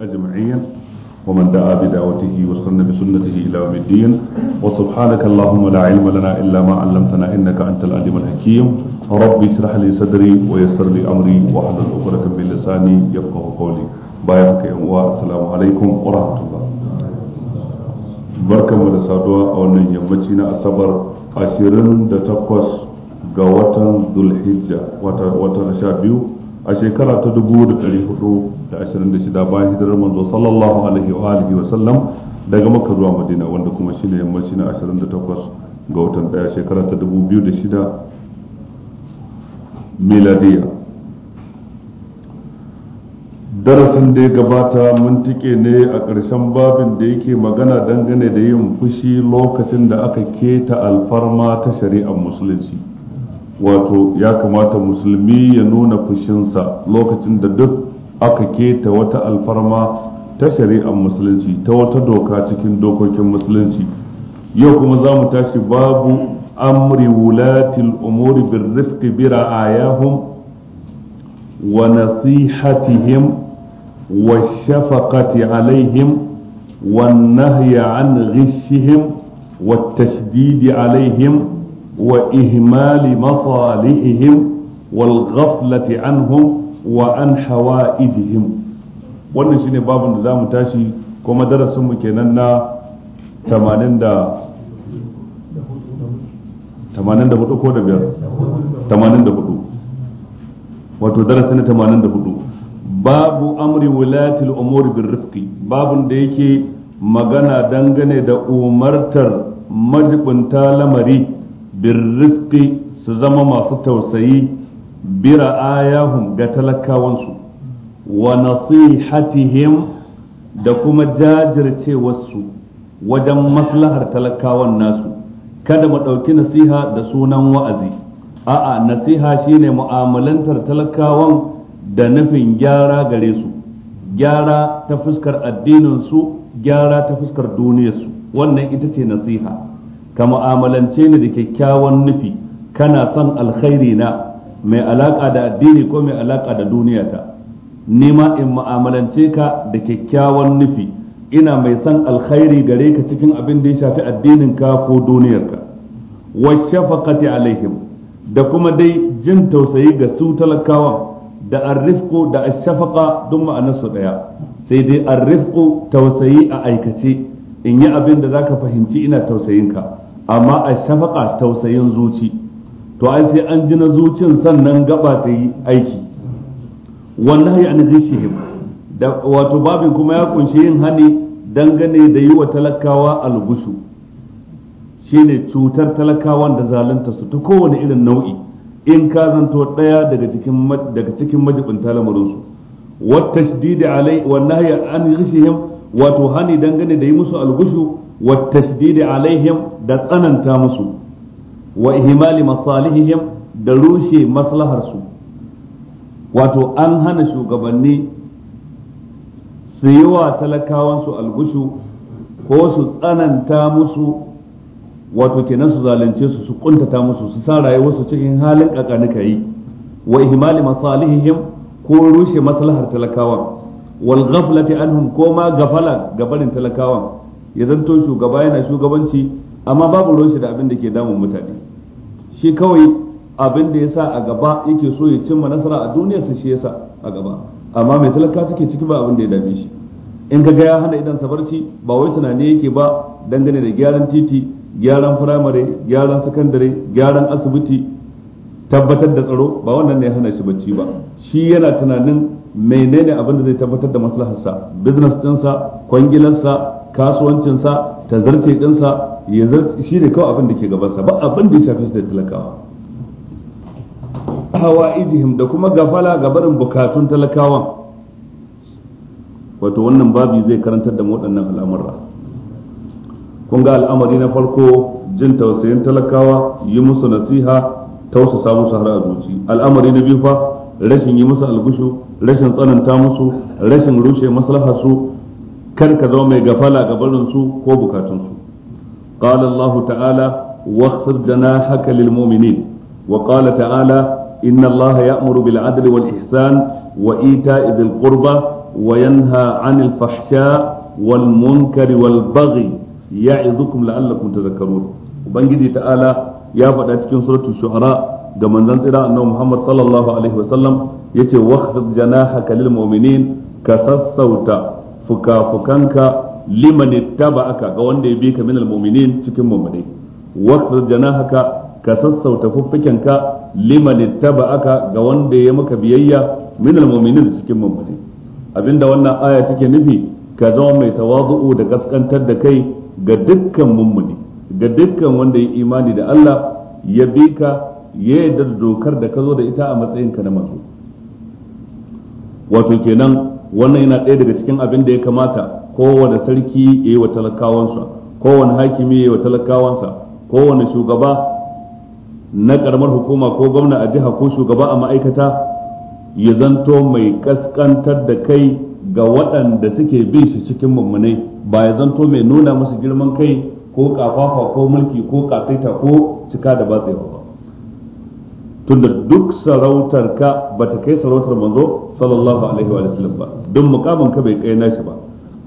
أجمعين ومن دعا بدعوته واستنى بسنته إلى يوم الدين وسبحانك اللهم لا علم لنا إلا ما علمتنا إنك أنت العليم الحكيم ربي اشرح لي صدري ويسر لي أمري واحلل عقدة من لساني يفقه قولي بايعك يا السلام عليكم ورحمة الله barkan mu da saduwa a wannan yammaci na asabar 28 ga watan zulhijja watan 12 a shekara ta 1400 da ashirin da shida, bayan hijirar manzo sallallahu alaihi wa alihi wa sallam daga makka zuwa madina wanda kuma shine yammaci na takwas ga watan daya shekara ta dubu biyu da shida miladiya darasin da ya gabata mun tike ne a ƙarshen babin da yake magana dangane da yin fushi lokacin da aka keta alfarma ta shari'ar musulunci wato ya kamata musulmi ya nuna fushinsa lokacin da duk aka keta wata alfarma ta shari'ar musulunci ta wata doka cikin dokokin musulunci yau kuma za mu tashi babu amri wulatil umuri bin rifqi bi ra'ayahum wa nasihatihim wa shafaqati alaihim wa nahya an ghishihim wa ihmali وإهمال wal ghaflati anhum wa an izihim wannan shine babu da zamu tashi kuma darasin mu kenan na da 84 ko da biyar 84 wato darasi na 84 babu amri wulatil umuri bin rifqi babun da yake magana dangane da umartar majibinta lamari bin rifqi su zama masu tausayi bira'ayahum ga talakawansu wa nasihatihim da kuma jajircewarsu wajen maslahar talakawan nasu kada mu ɗauki nasiha da sunan wa'azi a'a nasiha shine mu'amalantar talakawan da nufin gyara gare su gyara ta fuskar addinin su gyara ta fuskar duniyarsu wannan ita ce nasiha ka mu'amalance ni da kyakkyawan nufi kana son alkhairi na mai alaƙa da addini ko mai alaƙa da duniyata ni ma in mu'amalance ka da kyakkyawan nufi ina mai san alkhairi gare ka cikin abin da ya shafi addinin ka ko duniyarka wa shafaqati alaihim da kuma dai jin tausayi ga su talakawa da arrifqu da ashafaqa duk su daya sai dai arrifqu tausayi a aikace in yi abin da zaka fahimci ina tausayinka amma ashafaqa tausayin zuci to ai sai an ji na zuciyar sannan gaba ta yi aiki wallahi an ghishihim da wato babin kuma ya kunshi yin hani dangane da yi wa talakawa algusu shine cutar talakawan da zalunta su ta kowane irin nau'i in ka zanto daya daga cikin daga cikin majibinta lamarin su wat tashdid alai wallahi an ghishihim wato hani dangane da yi musu algusu wat tashdid alaihim da tsananta musu wa ihmali masalihihim da rushe maslaharsu wato an hana shugabanni su yi wa talakawansu algushu ko su tsananta musu wato kenan su zalunce su su kuntata musu su sa su cikin halin kakanuka yi wa ihmali masalihihim ko rushe maslahar talakawan wal ghaflati anhum ko ma gafala gabanin talakawan ya zanto shugaba yana shugabanci amma babu ruwan da abin da ke damun mutane shi kawai abin da ya sa a gaba yake so ya cimma nasara a duniyarsa shi yasa a gaba amma mai talaka suke ciki ba abin da ya dame shi in ka ga ya hana idan sabarci ba wai tunani yake ba dangane da gyaran titi gyaran firamare gyaran sakandare gyaran asibiti tabbatar da tsaro ba wannan ne ya hana shi bacci ba shi yana tunanin menene abin da zai tabbatar da maslaharsa business ɗinsa, kwangilarsa kasuwancinsa ta zarce dinsa ya zarce shi ne kawai abin da ke gabansa ba abin da ya shafi su da talakawa hawa ijihim da kuma gafala ga barin bukatun talakawa. wato wannan babi zai karantar da waɗannan al'amura kun ga al'amari na farko jin tausayin talakawa yi musu nasiha tausasa musu har a zuci al'amari na biyu fa rashin yi musu algushu rashin tsananta musu rashin rushe maslaha su kar ka zama mai gafala ga barinsu ko bukatunsu qala allah ta'ala waghfir lana haka lil mu'minin wa qala ta'ala inna allah ya'muru bil 'adli wal ihsan wa ita'i dhil qurba wa yanha 'anil fahsha wal munkari wal baghi ya'idhukum la'allakum tadhakkarun ubangiji ta'ala ya faɗa cikin suratu shu'ara da manzon tsira annabi muhammad sallallahu alaihi wa sallam yace waghfir lana haka lil mu'minin ka sassauta fukafukanka liman ittaba'aka ga wanda ya bi ka minal mu'minin cikin mu'minai wa janahaka ka sassauta fuffukenka liman ittaba'aka ga wanda ya maka biyayya minal mu'minin cikin mu'minai abinda wannan aya take nufi ka zama mai tawazu'u da kaskantar da kai ga dukkan mummuni ga dukkan wanda ya imani da Allah ya bika ka ya yarda da dokar da ka zo da ita a matsayinka na mazo wato kenan wannan yana ɗaya daga cikin abin da ya kamata kowane sarki ya yi wa talakawansa kowane hakimi ya yi wa talakawansa kowane shugaba na karamar hukuma ko gwamna a jiha ko shugaba a ma'aikata ya zanto mai kaskantar da kai ga waɗanda suke bin shi cikin mummunai ba ya zanto mai nuna musu girman kai ko kafafa ko mulki ko ƙasaita ko cika da batsewa tunda duk sarautar ka bata kai sarautar manzo sallallahu alaihi wa sallam ba duk mukamin ka bai kai nashi ba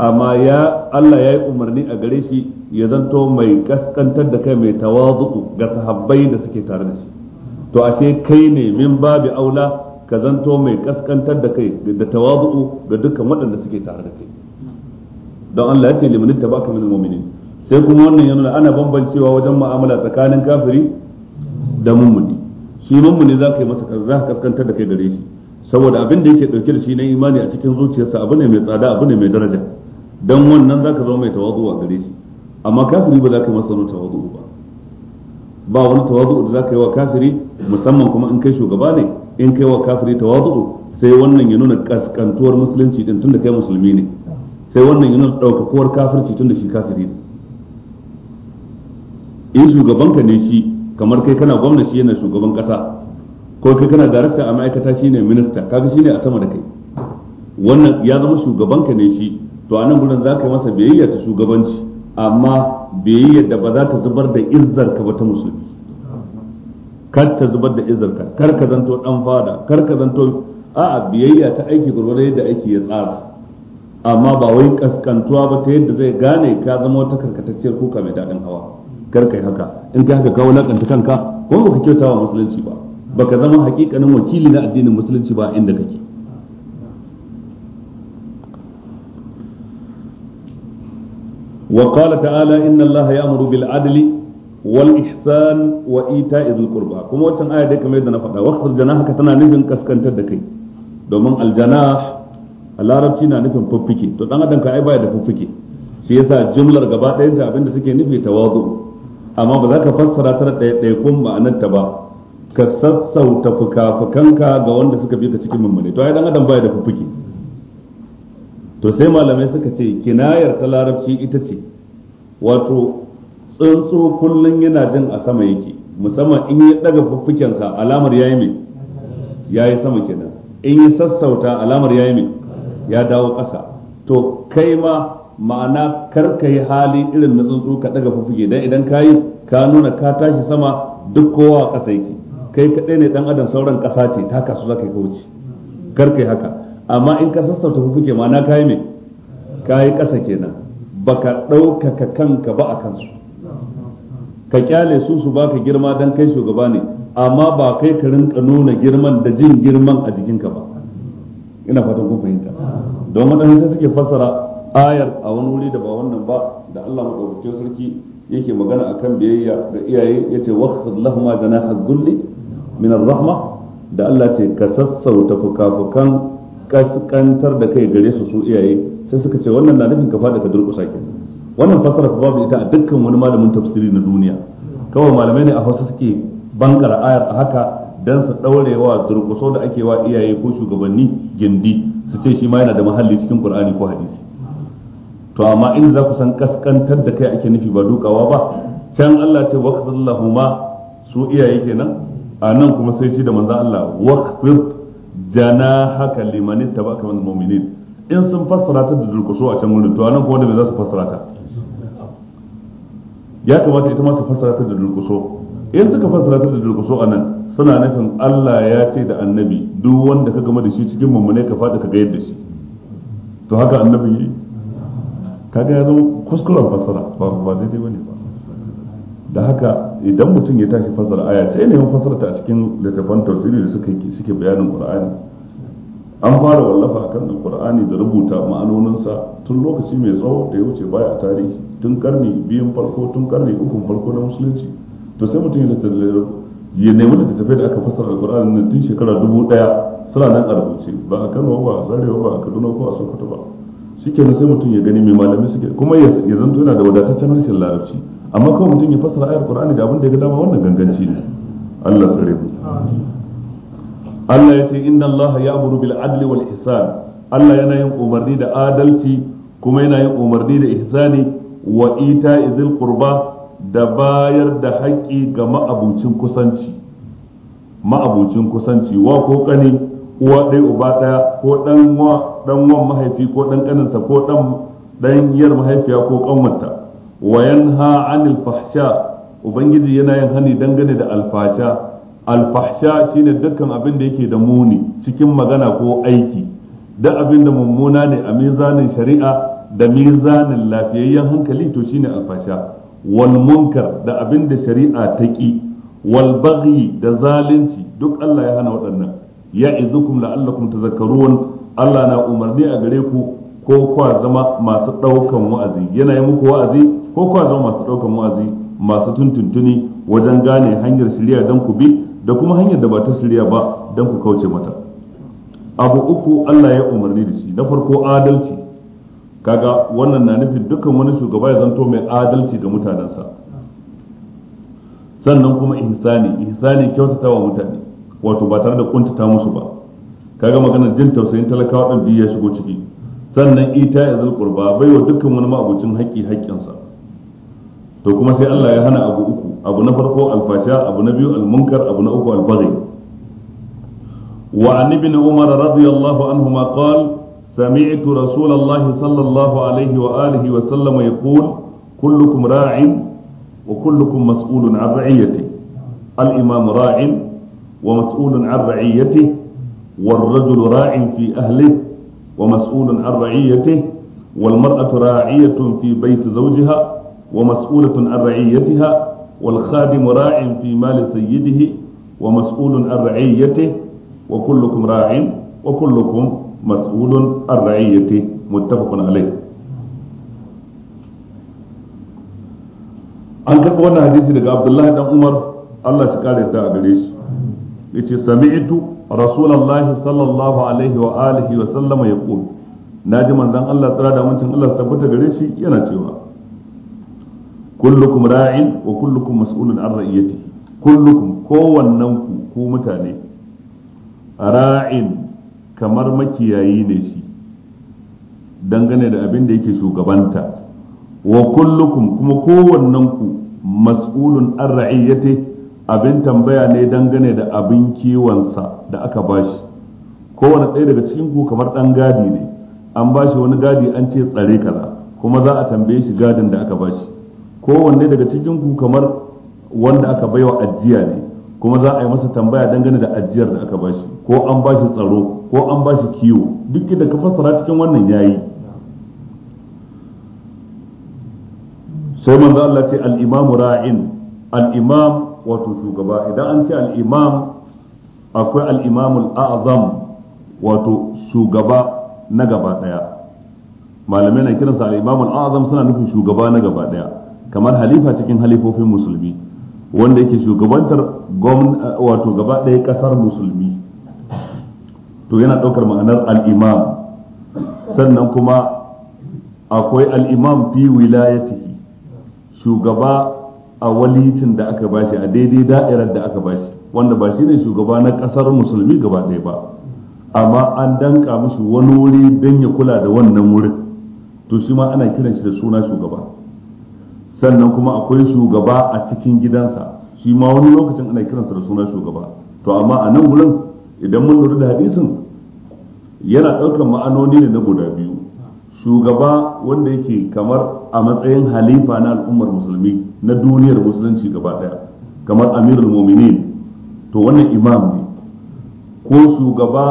amma ya Allah ya yi umarni a gare shi ya zanto mai kaskantar da kai mai tawazu'u ga sahabbai da suke tare da shi to ashe kai ne min babi aula ka zanto mai kaskantar da kai da tawazu'u ga dukkan waɗanda suke tare da kai don Allah ya ce limin tabaka min mu'minin sai kuma wannan yana ana bambancewa wajen mu'amala tsakanin kafiri da mu'mini shi ne za ka yi masa za ka kaskantar da kai gare shi saboda abin da yake dauke da shi na imani a cikin zuciyarsa abu ne mai tsada abu ne mai daraja dan wannan za ka zama mai tawadu a gare shi amma kafiri ba za ka yi masa wani tawadu ba ba wani tawadu da za ka yi wa kafiri musamman kuma in kai shugaba ne in kai wa kafiri tawadu sai wannan ya nuna kaskantuwar musulunci din tunda kai musulmi ne sai wannan ya nuna daukakuwar kafirci tunda shi kafiri ne in shugabanka ne shi kamar kai kana gwamna shi yana shugaban kasa ko kai kana darakta a ma'aikata shi ne minista kaga shi ne a sama da kai wannan ya zama shugabanka ne shi to a nan gudun za ka yi masa biyayya ta shugabanci amma biyayya da ba za ta zubar da izzarka ba ta musulmi kar ta zubar da izzarka kar ka zanto dan fada kar ka zanto a'a biyayya ta aiki gurgurda yadda aiki ya tsara amma ba wai kaskantuwa ba ta yadda zai gane ka zama wata karkatacciyar kuka mai daɗin hawa kar kai haka in kai haka kawo lakanta kanka ko baka kyauta wa musulunci ba baka zama hakikanin wakili na addinin musulunci ba inda kake وقال تعالى إن الله يأمر بالعدل والإحسان وإيتاء ذي القربى كما وتن آية ديك ميدا نفقا واخفض جناحك تنا نفن كسكن تدكي دومن الجناح العربي na nufin fuffuke to dan adam ka ai baya da fuffuke shi yasa jumlar gaba ɗayan abinda take nufi tawazuu amma ba za ka fassara ta ɗaya ma'anarta ba ka sassauta fuka-fukanka ga wanda suka bi ka cikin mummune to ai dan adam baya da fuffuki to sai malamai suka ce kinayar ta larabci ita ce wato tsuntsu kullum yana jin a sama yake musamman in ya daga fuffukensa alamar yayi mai yayi sama kenan in ya sassauta alamar yayi mai ya dawo ƙasa to kai ma ma'ana kar ka yi hali irin na tsuntsu ka daga fufuge dan idan ka yi ka nuna ka tashi sama duk kowa a ƙasa yake kai kaɗai ne dan adam sauran ƙasa ce ta kasu za ka yi kauce kar ka yi haka amma in ka sassauta fufuge ma'ana ka yi me ka yi ƙasa kenan baka ɗaukaka kanka ba a kansu ka kyale su su baka girma dan kai shugaba ne amma ba kai ka rinka nuna girman da jin girman a jikinka ba ina fatan kun fahimta don waɗansu suke fassara ayar a wani wuri da ba wannan ba da Allah madaukakin sarki yake magana akan biyayya ga iyaye yace waqfid lahum janaha dhulli min ar-rahma da Allah ce ka sassauta fukafukan kaskantar da kai gare su su iyaye sai suka ce wannan na nufin ka fada ka durƙusa ke wannan fasara babu ita a dukkan wani malamin tafsiri na duniya kawai malamai ne a Hausa suke bankara ayar a haka dan su daurewa durƙuso da ake wa iyaye ko shugabanni gindi su ce shi ma yana da mahalli cikin Qur'ani ko hadisi to amma in za ku san kaskantar da kai ake nufi ba dukawa ba can Allah ce waqfadallahu ma su iyaye kenan a nan kuma sai shi da manzon Allah jana haka liman tabaka min mu'minin in sun fassara ta da durkuso a can wurin to a nan kuma da me za su fassara ta ya kamata ita ma su fassara ta da durkuso in suka fassara ta da durkuso a nan suna nufin Allah ya ce da annabi duk wanda ka gama da shi cikin mummune ka fada ka ga yadda shi to haka annabi kaga ya zama kuskuren fasara. ba ba daidai bane ba da haka idan mutum ya tashi fasara. aya ne yanayin fasara ta cikin littafan tafsiri da suka suke bayanin qur'ani an fara wallafa akan alqur'ani da rubuta ma'anoninsa tun lokaci mai tsawo da ya wuce baya a tarihi tun karni biyun farko tun karni ukun farko na musulunci to sai mutum ya ya nemi littattafai da aka fassara alqur'ani tun shekara dubu daya suna nan a rubuce ba a Kano ba a zarewa ba a Kaduna ko a Sokoto ba shike na sai mutum ya gani mai malami suke kuma ya zanto yana da wadataccen harshen larabci amma kawai mutum ya fassara ayar qur'ani da abin da ya ga dama wannan ganganci ne Allah tsare mu Allah ya ce inna Allah ya'muru bil adli wal ihsan Allah yana yin umarni da adalci kuma yana yin umarni da ihsani wa ita'i zil qurba da bayar da haƙƙi ga ma'abucin kusanci ma'abucin kusanci wa ko kani uwa ɗaya uba ɗaya ko ɗan wan mahaifi ko ɗan ƙaninsa ko ɗan yar mahaifiya ko ƙanwanta wa yanha anil fahsha ubangiji yana yin hani dangane da alfasha alfahsha shine dukkan abin da yake da muni cikin magana ko aiki da abin da mummuna ne a mizanin shari'a da mizanin lafiyayyen hankali to shine alfasha wal munkar da abin da shari'a ta ki wal baghi da zalunci duk Allah ya hana waɗannan ya ya'izukum la'allakum tazakkarun Allah na umarni a gare ku ko kwa zama masu ɗaukan wa'azi yana yi muku wa'azi ko kwa zama masu ɗaukan wa'azi masu tuntuntuni wajen gane hanyar shirya dan ku bi da kuma hanyar da ba ta shirya ba dan ku kauce mata abu uku Allah ya umarni da shi na farko adalci kaga wannan na nufin dukkan wani shugaba ya zanto mai adalci ga mutanensa sannan kuma ihsani ihsani kyautatawa mutane wato ba tare da kuntata musu ba kaga maganar jin tausayin talakawa din biyu ya shigo ciki sannan ita ya zal qurba bai wa dukkan wani ma'abucin haƙƙi haƙƙinsa to kuma sai Allah ya hana abu uku abu na farko alfasha abu na biyu almunkar abu na uku albaghi wa an ibn umar radiyallahu anhuma qala سمعت رسول الله صلى الله عليه وآله وسلم يقول كلكم راع وكلكم مسؤول عن رعيته الإمام راع ومسؤول عن رعيته والرجل راع في أهله ومسؤول عن رعيته والمرأة راعية في بيت زوجها ومسؤولة عن رعيتها والخادم راع في مال سيده ومسؤول عن رعيته وكلكم راع وكلكم مسؤول عن رعيته متفق عليه an karɓi wannan hadisi daga abdullahi dan umar allah shi kare ta a gare shi yace sami'tu rasulullahi sallallahu alaihi wa alihi wa sallama yaqul naji manzon Allah tsara da mutun Allah tabbata gare shi yana cewa kullukum ra'in wa kullukum mas'ulun an ra'iyatihi kullukum kowannan ku ku mutane ra'in kamar makiyayi ne shi dangane da abin da yake shugabanta wa kullukum kuma kowannan ku mas'ulun an ra'iyatihi abin tambaya ne dangane da abin kiwonsa da aka bashi kowane ɗaya daga cikin ku kamar ɗan gadi ne an bashi wani gadi an ce tsare kaza kuma za a tambaye shi gadin da aka bashi kowanne daga cikin ku kamar wanda aka baiwa ajiya ne kuma za a yi masa tambaya dangane da ajiyar da aka bashi ko an bashi tsaro ko an bashi kiwo duk da ka fassara cikin wannan yayi sai manzo Allah ce al-imamu ra'in al-imam wato shugaba idan an ce al'imam akwai al'imamul azam wato shugaba na gaba daya malamai na kiransa al'imamul azam suna nufin shugaba na gaba daya kamar halifa cikin halifofin musulmi wanda yake shugabantar wato gaba daya ƙasar musulmi to yana ɗaukar ma'anar al'imam sannan kuma akwai al'imam imam fi wilayatihi shugaba a walicin da aka bashi a daidai da'irar da aka bashi wanda ba shi ne shugaba na kasar musulmi gaba ɗaya ba amma an danka mishi wani wuri don ya kula da wannan wurin to shi ma ana kiran shi da suna shugaba sannan kuma akwai shugaba a cikin gidansa shi ma wani lokacin ana kiransa da suna shugaba to amma a nan wurin idan mun lura da hadisin yana ɗaukar ma'anoni ne na guda biyu shugaba wanda yake kamar a matsayin halifa na al'ummar musulmi na duniyar musulunci gaba daya kamar amirul muminin to wannan imam ne ko shugaba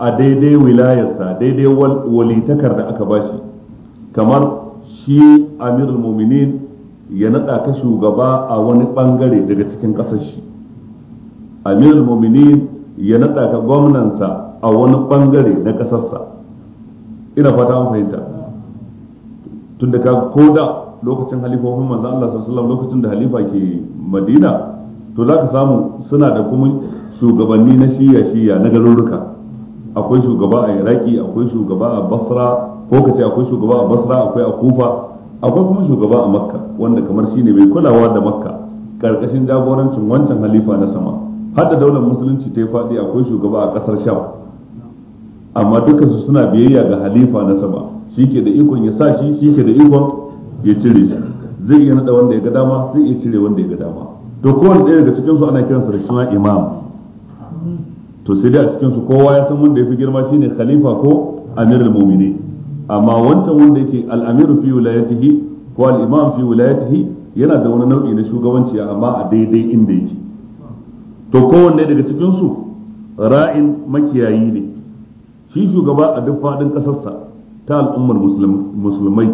a daidai wilayarsa daidai walitakar da aka bashi kamar shi amirul muminin ya nada ka shugaba a wani bangare daga cikin kasar shi amirul muminin ya naɗa ka gwamnansa a wani ɓangare na ƙasarsa ina fata mun fahimta tunda ka ko da lokacin halifofin manzo Allah sallallahu alaihi lokacin da halifa ke Madina to zaka samu suna da kuma shugabanni na shiya shiya na garuruka akwai shugaba a Iraki akwai shugaba a Basra ko kace akwai shugaba a Basra akwai a Kufa akwai kuma shugaba a Makka wanda kamar shine bai kulawa da Makka karkashin jagorancin wancan halifa na sama hadda daular musulunci ta yi faɗi akwai shugaba a ƙasar Sham amma su suna biyayya ga halifa na sama shi ke da ikon ya sa shi shi ke da ikon ya cire shi zai iya nada wanda ya ga dama zai iya cire wanda ya ga dama to kowane ɗaya daga cikinsu ana kiransa da suna imam to sai dai a cikinsu kowa ya san wanda ya fi girma shine khalifa ko amirul mu'minin amma wancan wanda yake al-amiru fi wilayatihi ko al-imam fi wilayatihi yana da wani nau'i na shugabanci amma a daidai inda yake to kowanne daga cikinsu ra'in makiyayi ne shi shugaba a duk faɗin ƙasarsa ta al'ummar musulmai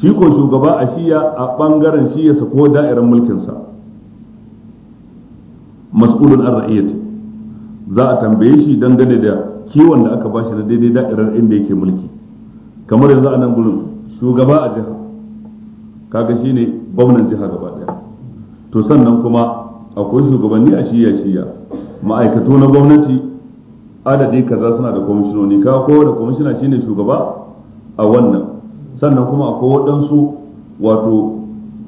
shi ko shugaba a shiya a ɓangaren shiyarsa ko da'irar mulkinsa mas'ulun an ra'iyyati za a tambaye shi dangane da kiwon da aka bashi na daidai da'irar inda yake mulki kamar yanzu a nan gurin shugaba a jiha kaga shine gwamnan jiha gaba daya to sannan kuma akwai shugabanni a shiya shiya ma'aikatu na gwamnati adadi kaza suna da kwamishinoni ka da kwamishina shine shugaba a wannan sannan kuma akwai waɗansu wato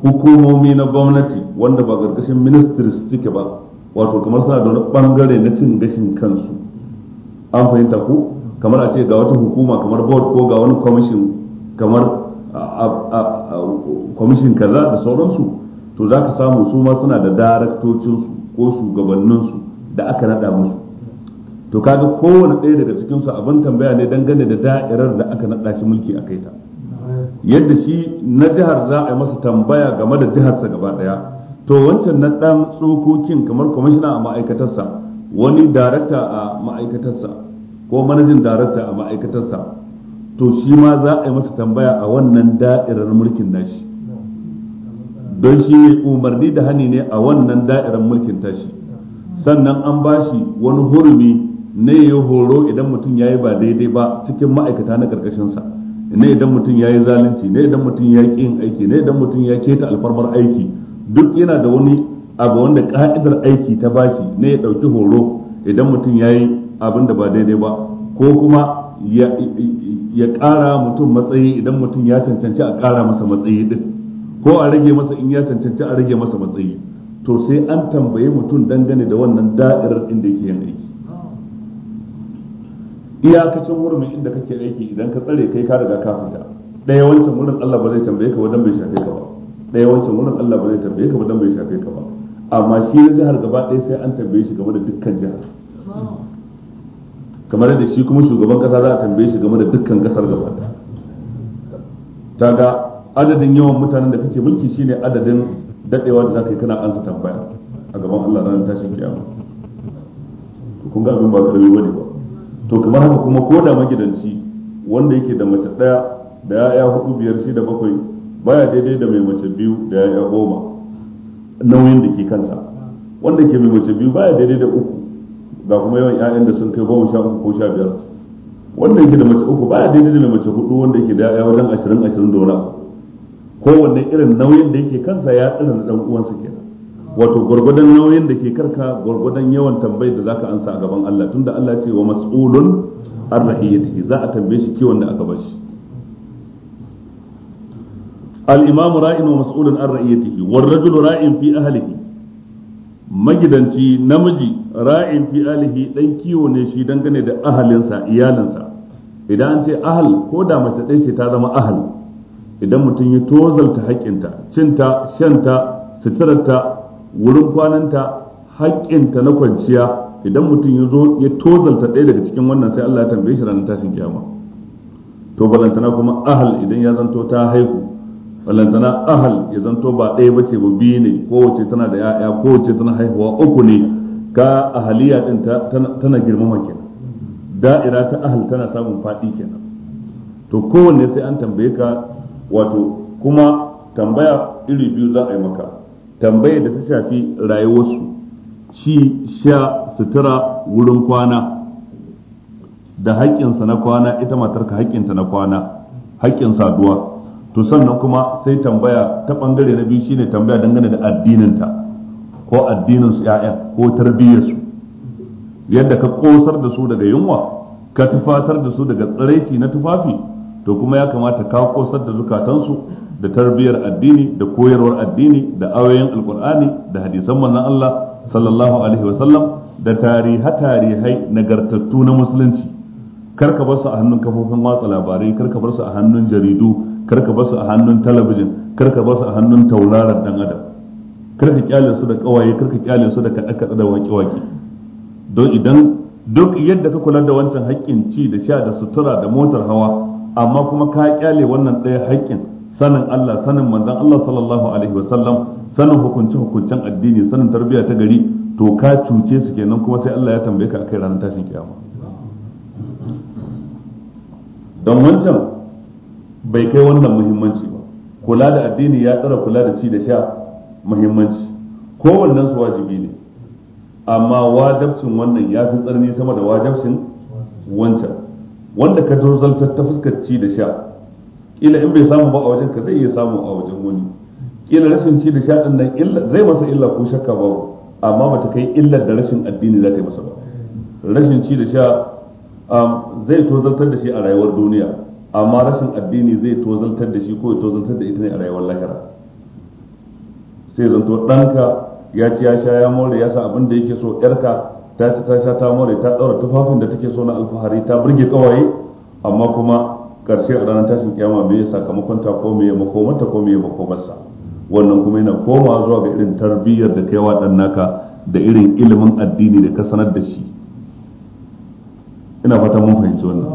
hukumomi na gwamnati wanda ba ƙarƙashin ministries suke ba wato kamar suna da wani ɓangare na cin gashin kansu an fahimta ku kamar a ce ga wata hukuma kamar board ko ga wani kwamishin kamar kwamishin kaza da sauransu to za ka samu su ma suna da daraktocinsu ko shugabanninsu da aka naɗa musu to kaga kowane ɗaya daga cikin su abin tambaya ne dangane da da'irar da aka naɗa shi mulki a kai ta yadda shi na jihar za a yi masa tambaya game da jiharsa gaba ɗaya to wancan na ɗan tsokokin kamar kwamishina a ma'aikatarsa wani darakta a ma'aikatarsa ko manajin darakta a ma'aikatarsa to shi ma za a yi masa tambaya a wannan da'irar mulkin nashi don shi umarni da hani ne a wannan da'irar mulkin tashi sannan an bashi wani hurumi ne ya horo idan mutum ya yi ba daidai ba cikin ma'aikata na ƙarƙashinsa ne idan mutum ya yi zalunci ne idan mutum ya ƙi yin aiki ne idan mutum ya keta alfarmar aiki duk yana da wani abu wanda ka'idar aiki ta bashi ne ya ɗauki horo idan mutum ya yi abin da ba daidai ba ko kuma ya ƙara mutum matsayi idan mutum ya cancanci a ƙara masa matsayi din ko a rage masa in ya cancanci a rage masa matsayi to sai an tambaye mutum dangane da wannan da'irar inda yake yin aiki iyakacin hurumin inda kake aiki idan ka tsare kai ka daga ka fita ɗaya wancan wurin Allah ba zai tambaye ka wajen bai shafe ka ba ɗaya wancan wurin Allah ba zai tambaye ka wajen bai shafe ka ba amma shi na jihar gaba ɗaya sai an tambaye shi game da dukkan jihar kamar da shi kuma shugaban kasa za a tambaye shi game da dukkan kasar gaba ɗaya ta ga adadin yawan mutanen da kake mulki shine adadin daɗewa da za ka yi kana ansa tambaya a gaban Allah ranar tashin kiyama kun ga abin ba ƙarfi bane ba to kamar haka kuma ko da magidanci wanda yake da mace ɗaya da ya'ya hudu biyar shida bakwai baya daidai da mai mace biyu da ya'ya goma nauyin da ke kansa wanda ke mai mace biyu baya daidai da uku ga kuma yawan 'ya'yan da sun kai goma sha uku ko sha biyar wanda yake da mace uku baya daidai da mai mace hudu wanda yake da ya'ya wajen ashirin ashirin da wani kowanne irin nauyin da yake kansa ya tsira na ɗan uwansa kenan wato gurgudan nauyin da ke karka gurgudan yawan tambayar da zaka ansa a gaban Allah tunda Allah ce wa mas'ulun arrahiyatihi za a tambaye shi kiwon da aka bashi al-imamu ra'in wa mas'ulun arrahiyatihi war rajulu ra'in fi ahlihi magidanci namiji ra'in fi ahlihi dan kiwo ne shi dangane da ahalinsa iyalinsa idan an ce ahal ko da mace ɗaya ce ta zama ahal idan mutum ya tozalta haƙƙinta cinta shanta suturarta wurin kwananta haƙƙinta na kwanciya idan mutum ya zo ya tozalta ɗaya daga cikin wannan sai Allah ya tambaye shi ranar tashin kiyama to balantana kuma ahal idan ya zanto ta haihu balantana ahal ya zanto ba ɗaya ba ce ba biyu ne kowace tana da ya'ya kowace tana haihuwa uku ne ga ahaliya ɗin tana girmama kenan da'ira ta ahal tana samun faɗi kenan to kowanne sai an tambaye ka wato kuma tambaya iri biyu za a yi maka tambayar da ta shafi rayuwarsu ci sha sutura wurin kwana da haƙƙinsa na kwana ita matarka haƙƙinta na kwana haƙƙin saduwa to sannan kuma sai tambaya ta ɓangare na biyu shine tambaya dangane da addininta ko addinin su ko tarbiyyarsu yadda ka ƙosar da su daga yunwa ka tufatar da su daga tsiraici na tufafi to kuma ya kamata ka ƙosar da zukatansu da tarbiyyar addini da koyarwar addini da ayoyin alkur'ani da hadisan manzon Allah sallallahu alaihi wasallam da tariha tarihai nagartattu na musulunci karka bar su a hannun kafofin watsa labarai karka bar su a hannun jaridu karka bar su a hannun talabijin karka bar su a hannun tauraron dan adam karka kyale su da kawaye karka kyale su da kada da waki-waki don idan duk yadda ka kula da wancan haƙƙin ci da sha da sutura da motar hawa amma kuma ka kyale wannan ɗaya haƙƙin sanin Allah sanin manzon Allah sallallahu alaihi wasallam sanin hukunci hukuncin addini sanin tarbiyya ta gari to ka cuce su kenan kuma sai Allah ya tambaye ka akai ranar tashin kiyama don wancan bai kai wannan muhimmanci ba kula da addini ya tsara kula da ci da sha muhimmanci wannan su wajibi ne amma wajabcin wannan ya fi tsarni sama da wajabcin wancan wanda ka zo ta fuskar ci da sha kila in bai samu ba a wajen ka zai iya samu a wajen wani kila rashin ci da sha din nan illa zai masa illa ko shakka ba amma bata kai illar da rashin addini za ta yi masa ba rashin ci da sha um, zai tozantar da shi a rayuwar duniya amma rashin addini zai tozantar da shi ko ya tozartar da ita ne a rayuwar lahira sai zanto ɗanka ya ci ya sha ya more ya sa abin da yake so yarka ta ci ta sha ta more ta ɗaura tufafin da take so na alfahari ta burge kawaye amma kuma karshe a ranar tashin kyama me ya sakamakon ta ko me ya makomanta ko me ya makomarsa wannan kuma yana koma zuwa ga irin tarbiyyar da kai yi naka da irin ilimin addini da ka sanar da shi ina fata mun fahimci wannan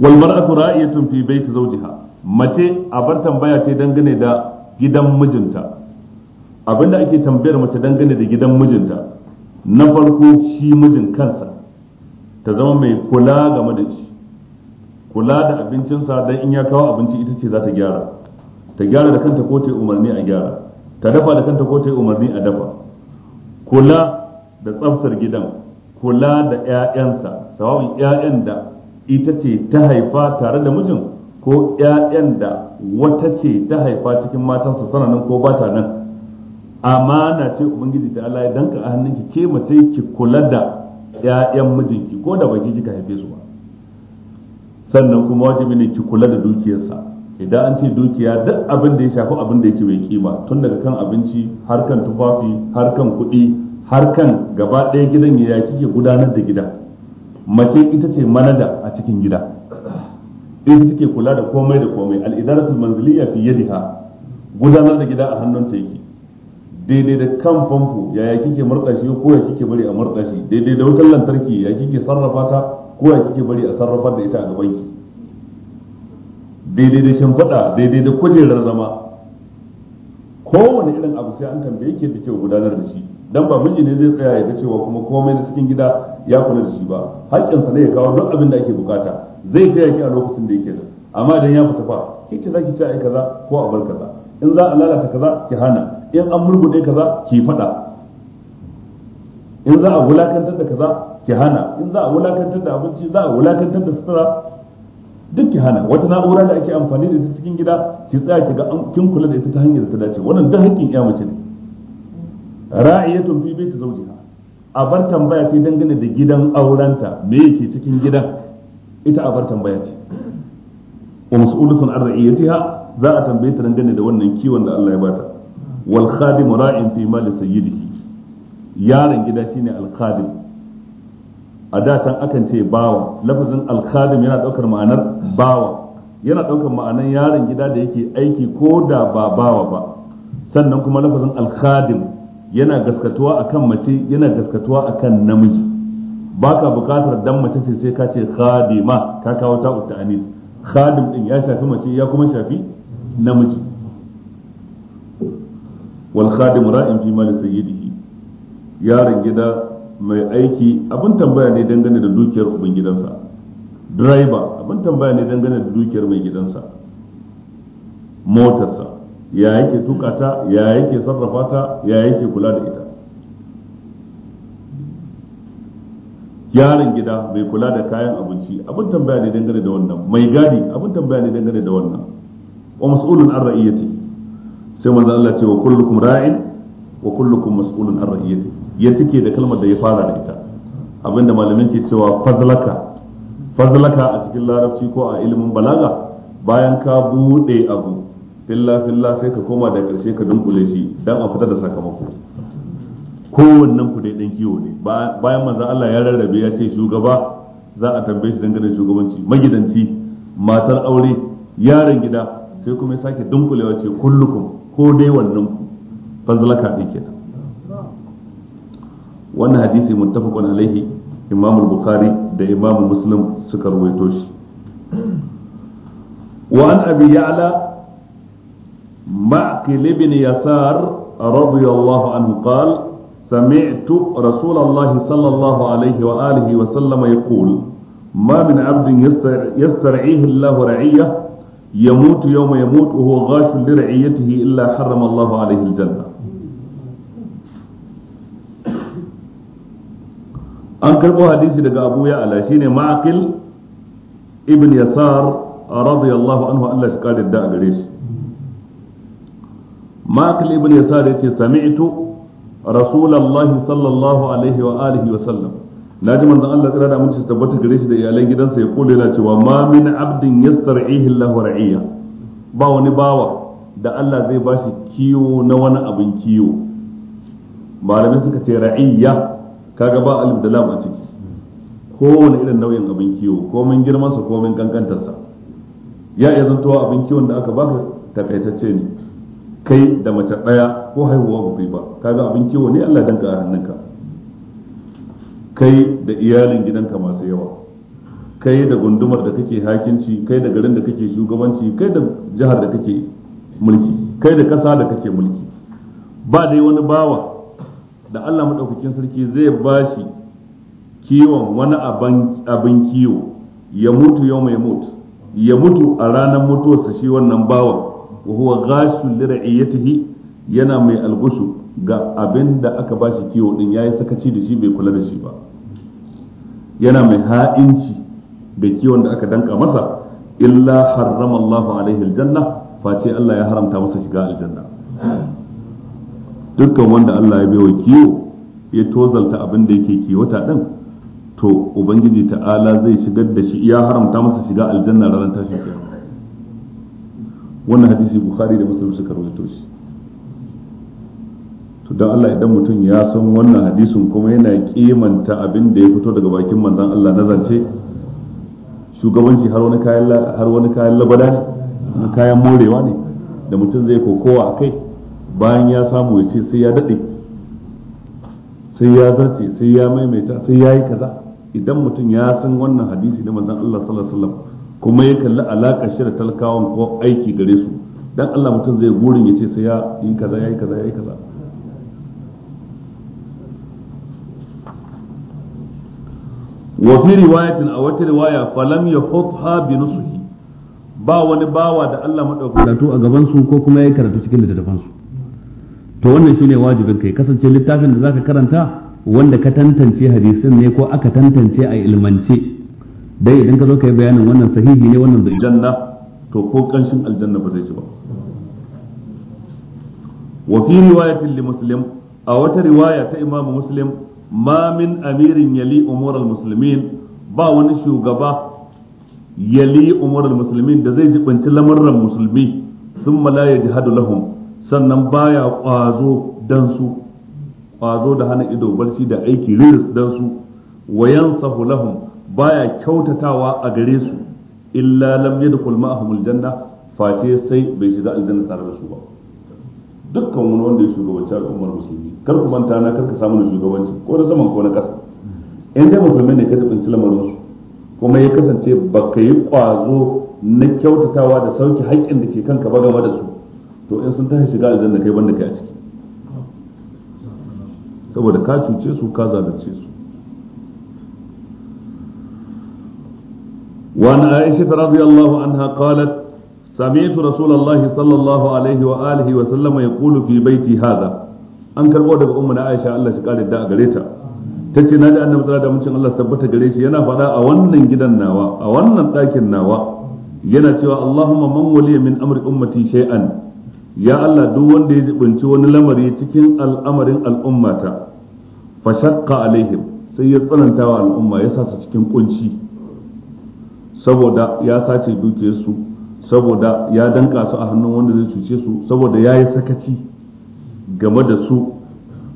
wal mar'atu ra'iyatun fi baiti zawjiha mace a bar tambaya ce dangane da gidan mijinta abinda ake tambayar mace dangane da gidan mijinta na farko shi mijin kansa ta zama mai kula game da shi kula da abincinsa don in ya kawo abinci ita ce za ta gyara ta gyara da kanta ko ta umarni a gyara ta dafa da kanta ko ta umarni a dafa kula da tsaftar gidan kula da 'ya'yansa sawa'un 'ya'yan da ita ce ta haifa tare da mijin ko 'ya'yan da wata ce ta haifa cikin matansa tana nan ko ba ta nan na ce ubangiji ta Allah ya danka a hannunki ke mace ki kula da yayan mijinki ko da baki kika haife su ba sannan kuma wajibi ne ki kula da dukiyarsa idan an ce dukiya duk abin da ya shafi abin da yake mai kima tun daga kan abinci har kan tufafi har kan kuɗi har kan gaba ɗaya gidan ya kike gudanar da gida mace ita ce manaja a cikin gida ita take kula da komai da komai al'idaratul manziliya fi yadiha gudanar da gida a hannun hannunta yake daidai da kan famfo yaya kike murɗa shi ko ya kike bari a murɗa daidai da wutar lantarki ya kike sarrafa ta ko ya kike bari a sarrafa da ita a gaban ki daidai da shimfiɗa daidai da kujerar zama kowane irin abu sai an tambaye ke da kyau gudanar da shi dan ba miji ne zai tsaya ya ga cewa kuma komai na cikin gida ya kula da shi ba haƙƙinsa ne ya kawo duk abin da ake bukata zai kai ki a lokacin da yake da amma idan ya fita fa kike zaki ci ai kaza ko a bar kaza in za a lalata kaza ki hana in an murgude kaza ki faɗa in za a wulakantar da kaza ki hana in za a wulakantar da abinci za a wulakantar da sutura duk ki hana wata na'ura da ake amfani da ita cikin gida ki tsaya ki ga kin kula da ita ta hanyar da ta dace wannan duk hakkin iya mace ne ra'iyatun fi baiti zawjiha a bar tambaya ce dangane da gidan aurenta me yake cikin gidan ita a bar tambaya ce wa mas'ulatun an ra'iyatiha za a tambaye ta dangane da wannan kiwon da Allah ya bata wal khadim ra'in fi mali sayyidihi yaron gida shine al khadim a da can akan ce bawa lafazin al khadim yana daukar ma'anar bawa yana daukar ma'anar yaron gida da yake aiki ko da ba bawa ba sannan kuma lafazin al khadim yana gaskatuwa akan mace yana gaskatuwa akan namiji baka bukatar dan mace ce sai ka ce khadima ka kawo ta utta anis khadim din ya shafi mace ya kuma shafi namiji wal khadim ra'in fi mali sayyidihi yaron gida mai aiki abin tambaya ne dangane da dukiyar uban gidansa driver abin tambaya ne dangane da dukiyar mai gidansa motarsa ya yake tuka ya yake sarrafa ta ya yake kula da ita yaron gida mai kula da kayan abinci abin tambaya ne dangane da wannan mai gadi abin tambaya ne dangane da wannan wa mas'ulun an ra'iyati sai manzo Allah ce wa kullukum ra'in wa kullukum mas'ulun an ra'iyati ya cike da kalmar da ya fara da ita abinda malamin ke cewa fazlaka fazlaka a cikin larabci ko a ilimin balaga bayan ka bude abu filla filla sai ka koma da karshe ka dunkule shi dan a fitar da sakamako kowannen ku dai dan kiwo ne bayan manzo Allah ya rarrabe ya ce shugaba za a tambaye shi dangane da shugabanci magidanci matar aure yaron gida sai kuma ya sake dunkulewa ce kullukum ko dai wannan fazlaka din ke. wannan hadisi muttafaqun alaihi imam bukhari da imam muslim suka rawaito shi wa an abi ya'la ma'qil ibn yasar رضي الله عنه قال سمعت رسول الله صلى الله عليه وآله وسلم يقول ما من عبد يسترعيه الله رعيه يموت يوم يموت وهو غاش لرعيته إلا حرم الله عليه الجنة an karɓo hadisi daga abu ala shine ma'aqil ibn yasar radiyallahu anhu Allah shi kare da gare shi ma'aqil ibn yasar yace sami'tu rasulullahi sallallahu alaihi wa wa na ji manzon Allah tsira da mun ci tabbata gare shi da iyalan gidansa ya kula yana cewa ma min abdin yastar'ihi Allahu ra'iya ba wani bawa da Allah zai bashi kiwo na wani abin kiwo malamai suka ce ra'iya kaga ba alif da a ciki kowane irin nau'in abin kiwo ko min komin sa ya iya zantowa abin kiwon da aka baka takaitacce ne kai da mace ɗaya ko haihuwa ba kai ba kaga abin kiwo ne Allah danka a hannunka kai da iyalin gidanka masu yawa kai da gundumar da kake hakinci kai da garin da kake shugabanci kai da jihar da kake mulki kai da kasa da kake mulki ba dai wani bawa da Allah maɗaukakin sarki zai ba shi kiwon wani abin kiwo ya mutu yau mai mutu ya mutu a ranar mutuwarsa shi wannan bawan wa huwa gashu lira'iyatihi yana mai algushu ga abin da aka ba shi kiwo din yi sakaci da shi bai kula da shi ba yana mai ha'inci da kiwon da aka danka masa illa harrama Allah alaihi aljanna face Allah ya haramta masa shiga aljanna dukkan wanda Allah ya baiwa kiwo ya tozalta abin da yake kiwata din to ubangiji ta'ala zai shigar da shi ya haramta masa shiga aljanna ranar tashin kiyama wannan hadisi bukhari da muslim suka rawaito shi to dan Allah idan mutum ya san wannan hadisin kuma yana kimanta abin da ya fito daga bakin manzon Allah na zance shugabanci har wani kayan har wani kayan labada ne wani kayan morewa ne da mutum zai kokowa kai bayan ya samu ya ce sai ya dade sai ya zace sai ya maimaita sai ya yi kaza idan mutum ya san wannan hadisi na manzon Allah sallallahu alaihi wasallam kuma ya kalli alaƙa shi da talakawan ko aiki gare su dan Allah mutum zai gurin ya ce sai ya yi kaza ya yi kaza ya yi kaza wa fi riwayatin a wata riwaya falam yahutha bi nusuhi ba wani bawa da Allah madaukakin a gaban su ko kuma yayi karatu cikin littattafan su to wannan shine wajibin kai kasance littafin da zaka karanta wanda ka tantance hadisin ne ko aka tantance a ilmance dai idan ka zo ka yi bayanin wannan sahihi ne wannan bai janna to ko kanshin aljanna ba zai ci ba wa fi riwayatin li muslim a wata riwaya ta imamu muslim ma min amirin yali umural musulmin ba wani shugaba yali umural musulmin da zai jibanci lamarran musulmi sun ya jihadu lahum sannan baya kwazo dan su kwazo da hana ido barci da aiki riris dan su wa sahu lahum baya kyautatawa a gare su illa lam yadkhul ma'ahumul janna face sai bai shiga aljanna tare da su ba dukkan wani wanda ya shugabanci al'ummar musulmi kar ku manta na kar ka samu da shugabanci ko na saman ko na ƙasa in dai musulmi ne ka tsinci lamarin su kuma ya kasance ba ka yi ƙwazo na kyautatawa da sauki haƙƙin da ke kanka ba game da su to in sun tashi shiga aljanna kai banda kai a ciki saboda ka cuce su ka zalunce su وعن عائشة رضي الله عنها قالت سمعت رسول الله صلى الله عليه وآله وسلم يقول في بيتي هذا an karbo daga ummu na Aisha Allah shi kare da gare ta tace naji annabi sallallahu alaihi wasallam Allah tabbata gare shi yana faɗa a wannan gidan nawa a wannan ɗakin nawa yana cewa Allahumma man waliya min amri ummati shay'an ya Allah duk wanda ya jibinci wani lamari cikin al'amarin al'ummata fa shaqqa alaihim sai ya tsananta wa al'umma ya sa su cikin kunci saboda ya sace dukiyarsu saboda ya danka su a hannun wanda zai cuce su saboda ya yi sakaci game da su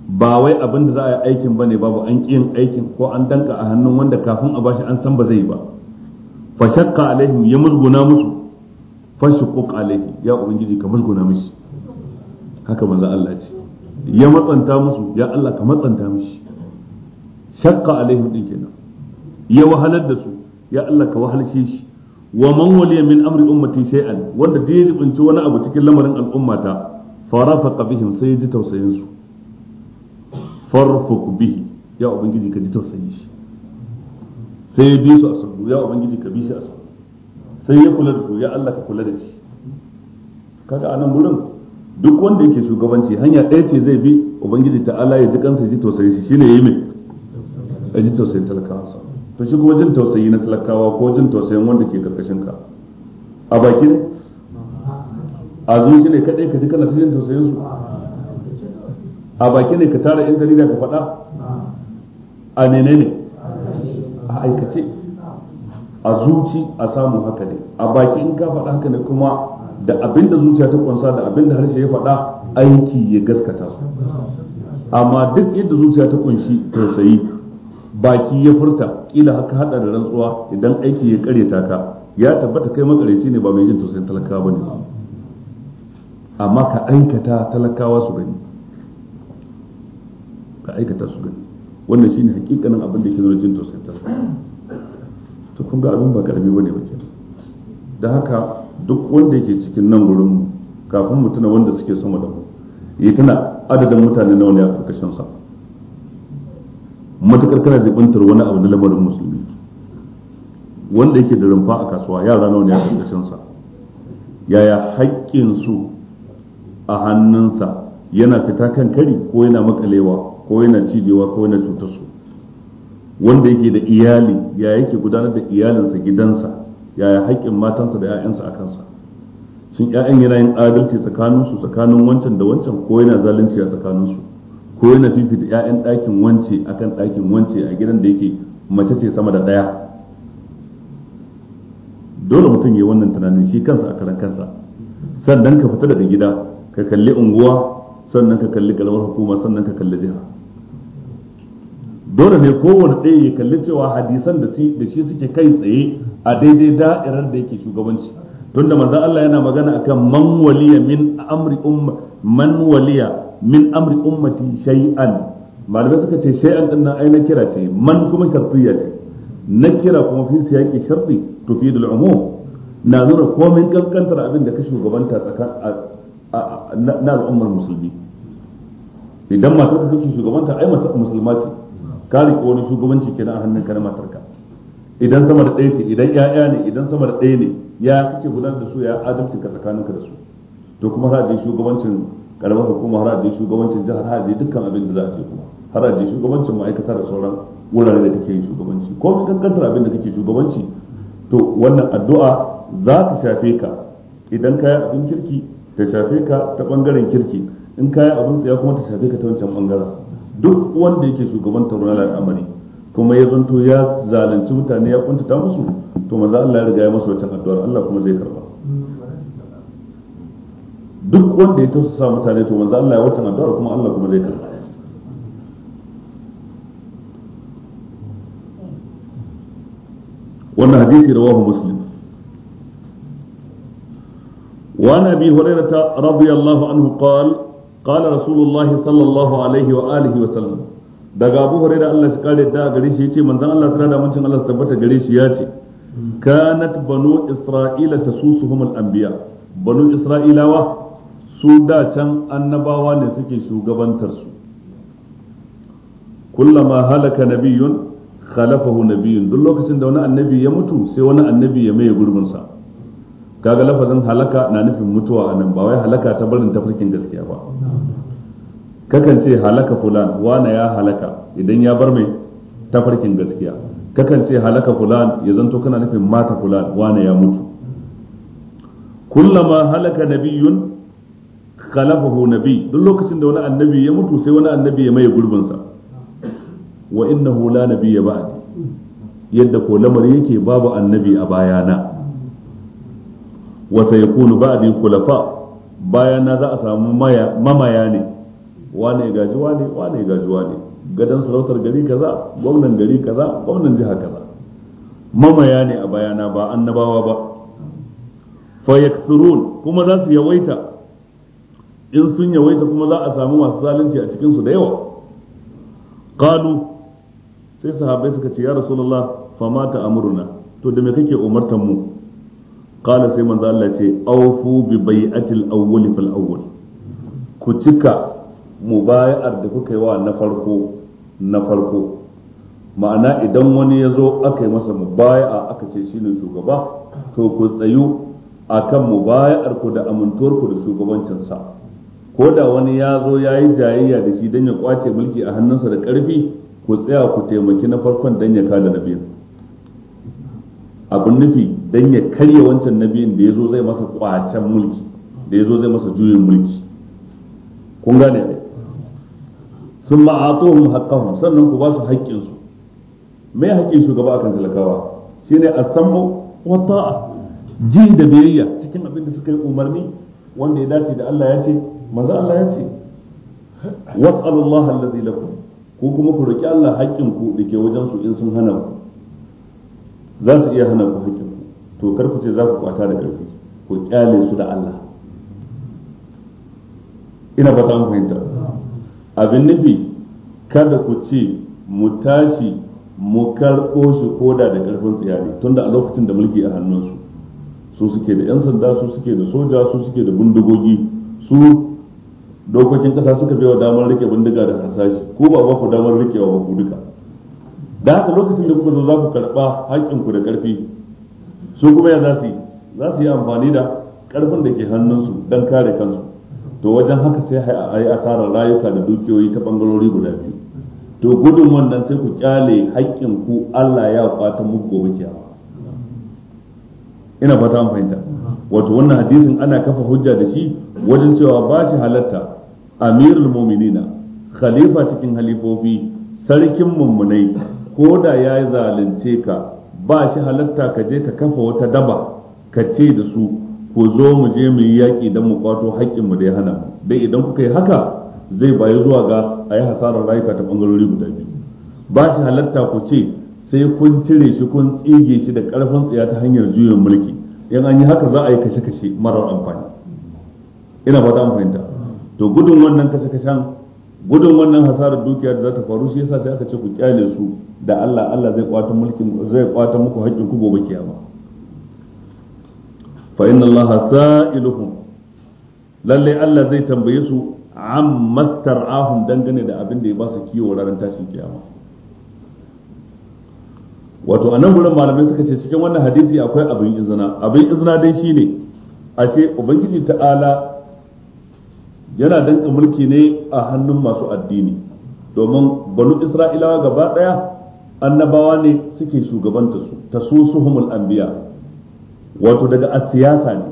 ba wai abin da za a yi aikin ba ne babu an yin aikin ko an danka a hannun wanda kafin a bashi an san ba zai yi ba fa shakka alaihim ya musguna musu fa shuquq alaihi ya ubangiji ka musguna mishi haka manzo Allah ce ya matsanta musu ya Allah ka matsanta mishi shakka alaihim din kenan ya wahalar da su ya Allah ka wahalshe shi wa man waliya min amri ummati shay'an wanda da ya jibinci wani abu cikin lamarin al'ummata farafaqa bihim sai ji tausayin su farfuk bihi ya ubangiji ka ji tausayin shi sai ya bi su a sabu ya ubangiji ka bi shi a sabu sai ya kula da su ya Allah ka kula da shi kaga anan gurin duk wanda yake shugabanci hanya ɗaya ce zai bi ubangiji Allah ya ji kansa ya ji tausayin shi shine yayi mai ya ji tausayin talakawa sa to shi kuma jin tausayi na talakawa ko jin tausayin wanda ke karkashin ka a bakin a zuci ne kadai ka ji kana jin tausayin su a baki ne ka tara yan dalila ka faɗa a nene ne a aikace a zuci a samu haka ne a baki in ka faɗa haka ne kuma da abin da zuciya ta kunsa da abin da harshe ya faɗa aiki ya gaskata su amma duk yadda zuciya ta kunshi tausayi baki ya furta kila haka hada da rantsuwa idan aiki ya kare ta ka ya tabbata kai makareci ne ba mai jin tausayin talakawa ne. amma ka aikata talakawa su gani ka aikata su gani wannan shine hakikanin abin da ke zo jin tausayin to kun ga abin ba karami bane ba kenan da haka duk wanda yake cikin nan gurin mu kafin mu tuna wanda suke sama da mu yi tana adadin mutane nawa ne a karkashin sa matukar kana jibintar wani abu na lamarin musulmi wanda yake da rumfa a kasuwa yara nawa ne a karkashin sa yaya haƙƙin su a hannunsa yana fita kan kari ko yana makalewa ko yana cijewa ko yana cutar su wanda yake da iyali ya yake gudanar da iyalinsa gidansa yaya haƙƙin matansa da 'ya'yansa a kansa shin 'ya'yan yana yin adalci tsakaninsu tsakanin wancan da wancan ko yana zalunci a tsakaninsu ko yana fifita 'ya'yan ɗakin wance akan ɗakin wance a gidan da yake mace ce sama da ɗaya dole mutum ya yi wannan tunanin shi kansa a karan kansa sannan ka fita daga gida ka kalli unguwa sannan ka kalli galibar hukuma sannan ka kalli jiha dole ne kowane ɗaya ya kalli cewa hadisan da shi suke kai tsaye a daidai da'irar da yake shugabanci tunda da manzan Allah yana magana kan man waliya min amri umma man waliya min amri ummati shay'an malamai suka ce shay'an din nan ai na kira ce man kuma shartiyya ce na kira kuma fi sharti to fi da umum na nuna komin kankantar abin da ka shugabanta na al'ummar musulmi idan matar ka kake shugabanta ai musulma ce ka riƙe wani shugabanci kenan a hannun ka na matarka idan sama da ɗaya ce idan ƴaƴa ne idan sama da ɗaya ne ya kake gudanar da su ya adalcin ka tsakaninka da su to kuma za a je shugabancin karamar hukuma har a je shugabancin jihar har a je dukkan abin da za a je kuma har a je shugabancin ma'aikata da sauran wurare da kake yin shugabanci ko mun kankantar abin da kake shugabanci to wannan addu'a za ta shafe ka idan ka yi abin kirki ta shafe ka ta bangaren kirki in kayan abin tsaya kuma ta shafe ka ta wancan bangaren duk wanda yake shugaban taro na al'amari kuma ya zanto ya zalunci mutane ya kuntata musu to maza Allah ya riga ya masa wancan addu'ar Allah kuma zai karba duk wanda ya sa mutane to maza Allah ya wancan addu'ar kuma Allah kuma zai karba wannan hadisi rawahu muslim وعن أبي هريرة رضي الله عنه قال قال رسول الله صلى الله عليه وآله وسلم daga abu hurairah Allah shi kare da gare shi yace manzon Allah tsara da mancin Allah tabbata gare shi yace kanat banu isra'ila tasusuhum al-anbiya banu isra'ilawa su da can annabawa ne suke shugabantar su kullama halaka nabiyyun khalafahu nabiyyun duk lokacin da wani annabi ya mutu sai wani annabi ya maye gurbinsa kaga lafazin halaka na nufin mutuwa a nan ba wai halaka ta barin tafarkin gaskiya ba kakan ce halaka fulan wane ya halaka idan ya bar mai tafarkin gaskiya kakan ce halaka fulan ya zanto kana nufin mata fulan wane ya mutu kullama halaka nabiyun khalafahu nabi duk lokacin da wani annabi ya mutu sai wani annabi ya maye gurbin sa wa innahu la nabiyya ba'di yadda ko lamari yake babu annabi a bayana wa sayakunu ba'di khulafa bayan na za a samu mamaya ne wane gaji wane wane gaji wane Gadon sarautar gari kaza gwamnan gari kaza gwamnan jiha kaza mamaya ne a bayana ba annabawa ba fa kuma za su yawaita in sun yawaita kuma za a samu masu zalunci a cikin su da yawa qalu sai sahabbai suka ce ya rasulullah fa mata amruna to da me kake umartan mu kala sai manzo Allah ce awfu bi bai'atil awwal fil awwal ku cika mubayar da kuka yi wa na farko na farko ma'ana idan wani ya zo aka yi masa mubaya'a aka ce shine shugaba to ku tsayu akan mubaya'ar ku da amintuwar ku da shugabancinsa ko da wani ya zo ya yi jayayya da shi don ya kwace mulki a hannunsa da ƙarfi ku tsaya ku taimaki na farkon don ya kada na biyu abin nufi dan ya karya wancan nabiyin da ya zo zai masa kwacen mulki da ya zo zai masa juyin mulki kun gane ne sun ma'atuhum haqqahum sannan ku ba su haƙƙin su me haƙƙin shugaba akan talakawa shine asammu wa ta'a ji da biyayya cikin abin da suka yi umarni wanda ya dace da Allah ya ce maza Allah ya ce was'alullaha allazi lakum ku kuma ku roki Allah haƙƙin ku dake wajen su in sun hana ku za su iya hana ku haƙƙin to karku ce za ku kwata da ƙarfi ku kyale su da Allah ina ba ta fahimta abin nufi kada ku ce mu tashi mu karɓo shi koda da ƙarfin tsiyari tunda a lokacin da mulki a hannunsu su suke da 'yan sanda su suke da soja su suke da bindigogi su dokokin ƙasa suka bai wa damar rike bindiga da hasashi ko ba ba ku damar rikewa ba ku duka da haka lokacin da kuka zo za ku karɓa haƙƙinku da ƙarfi su kuma ya za su yi za yi amfani da karfin da ke hannunsu don kare kansu to wajen haka sai a yi asarar rayuka da dukiyoyi ta bangarori guda biyu to gudun wannan sai ku kyale haƙƙin ku Allah ya kwata muku gobe kiyama ina fata an fahimta wato wannan hadisin ana kafa hujja da shi wajen cewa ba shi halatta amirul mu'minina khalifa cikin halifofi sarkin mummunai ko da ya zalunce ka ba shi halatta ka je ka kafa wata daba ka ce da su ku zo mu je mu yi yaƙi don mu kwato haƙƙinmu da ya hana dai idan kuka yi haka zai bayi zuwa ga a yi hasarar rayuka ta ɓangarori guda biyu ba shi halatta ku ce sai kun cire shi kun tsige shi da ƙarfin tsiya ta hanyar juyin mulki in an yi haka za a yi kashe-kashe marar amfani ina ba ta amfani to gudun wannan kashe-kashen gudun wannan hasarar dukiya da za ta faru shi yasa sai aka ce ku kyale su da Allah Allah zai kwata mulkin zai kwata muku haƙƙin ku gobe kiyama fa inna Allah sa'iluhum lalle Allah zai tambaye su an mastar'ahum dangane da abin da ya ba su kiwo ranar tashin kiyama wato anan gurin malamai suka ce cikin wannan hadisi akwai abin izina abin izina dai shine ashe ubangiji ta'ala yana danka mulki ne a hannun masu addini domin banu isra'ilawa gaba daya annabawa ne suke shugabanta su tasusuhumul anbiya wato daga asiyasa ne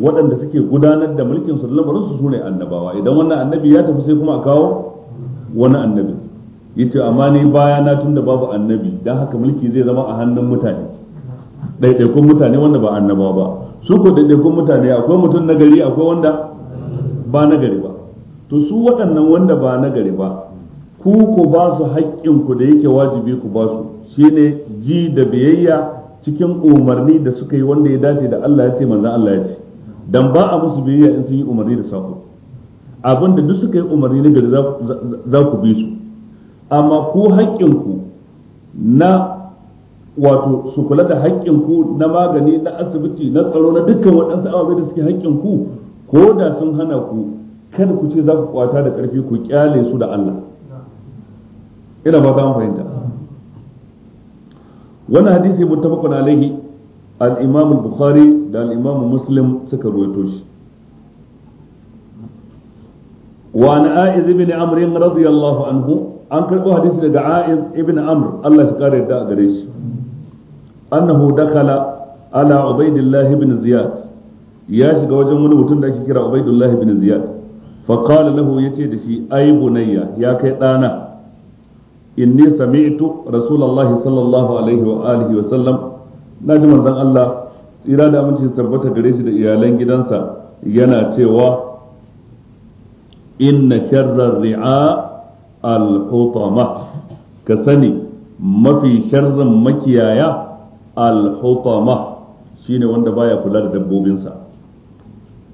waɗanda suke gudanar da mulkin su da su sune annabawa idan wannan annabi ya tafi sai kuma a kawo wani annabi yace amma ni baya na tunda babu annabi dan haka mulki zai zama a hannun mutane ɗaiɗaikun mutane wanda ba annabawa ba su ko ɗaiɗaikun mutane akwai mutum na gari akwai wanda ba na gari ba to su waɗannan wanda ba na gari ba ku ku ba su haƙƙin ku da yake wajibi ku ba su ne ji da biyayya cikin umarni da suka yi wanda ya dace da Allah ya ce manzon Allah ya ce dan ba a musu biyayya in sun yi umarni da sako abin duk suka yi umarni na gari za ku bi su amma ku haƙƙin ku na wato su kula da haƙƙin ku na magani na asibiti na tsaro na dukkan waɗansu ababai da suke haƙƙin ku ko da sun hana ku kada ku ce za ku kwata da ƙarfi ku kyale su da Allah ina ba ta fahimta wannan hadisi muttafaqun alaihi al-imam al-bukhari da al-imam muslim suka ruwaito shi wa an aiz ibn amr radiyallahu anhu an karbo hadisi daga aiz ibn amr Allah shi kare da gare shi annahu dakala ala ubaidillah ibn ziyad ya shiga wajen wani mutum da ake kira Ubaidullah bin Ziyad fa qala lahu yace da shi ai bunayya ya kai dana inni sami'tu rasulullahi sallallahu alaihi wa alihi wa sallam naji manzon Allah tsira da aminci tabbata gare shi da iyalan gidansa yana cewa inna sharrar ri'a al-hutama ka sani mafi sharrin makiyaya al-hutama shine wanda baya kula da dabbobinsa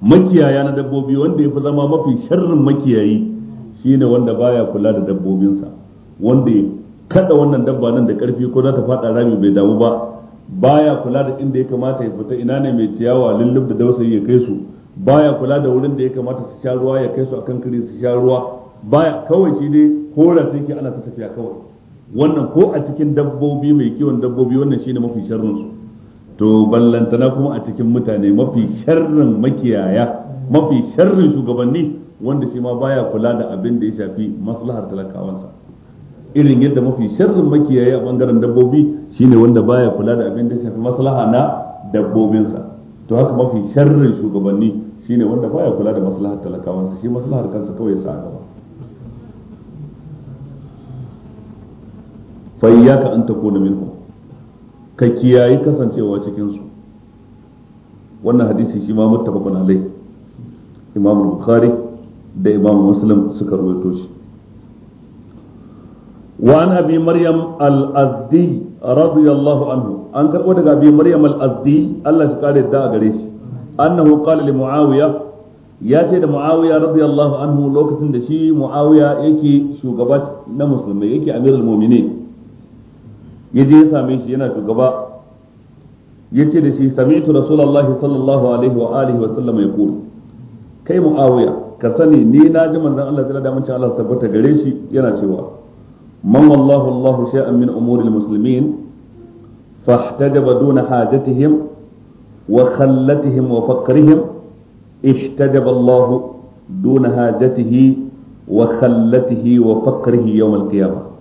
makiyaya na dabbobi wanda ya fi zama mafi sharrin makiyayi shine wanda baya kula da dabbobinsa wanda ya kada wannan dabba nan da karfi ko za ta fada rami bai damu ba baya kula da inda ya kamata ya fita ina ne mai ciyawa lullub da dausayi ya kai su baya kula da wurin da ya kamata su sha ruwa ya kai su akan kiri su sha ruwa baya kawai shi dai kora sai ana ta tafiya kawai wannan ko a cikin dabbobi mai kiwon dabbobi wannan shine mafi sharrin su to ballantana kuma a cikin mutane mafi sharrin makiyaya mafi sharrin shugabanni wanda shi ma baya kula da abin da ya shafi maslahar talakawansa irin yadda mafi sharrin makiyaya a bangaren dabbobi shine wanda baya kula da abin da ya shafi maslaha na dabbobinsa to haka mafi sharrin shugabanni shine wanda baya kula da maslahar talakawansa shi maslahar kansa kawai ya sa gaba fa iyyaka an takuna minhum ka kiyayi kasancewa cikinsu wannan hadisi shi ma muttafaqun alai imam bukhari da imam muslim suka rawaito shi وعن ابي مريم الازدي رضي الله عنه ان كربو daga مريم الازدي الله shi kare da gare shi annahu qala li muawiya ya ce da muawiya radiyallahu anhu lokacin da shi muawiya yake shugaba na musulmai yake amirul ya je ya same shi yana shugaba ya ce da shi sami'tu rasulullahi sallallahu alaihi wa alihi wa sallam ya kuru kai muawiya ka sani ni na ji manzon Allah ta da mancin Allah tabbata gare shi yana cewa man wallahu Allahu shay'an min umuri almuslimin fahtajaba duna hajatihim wa khallatihim wa faqrihim ihtajaba Allah duna hajatihi wa khallatihi wa faqrihi yawm al-qiyamah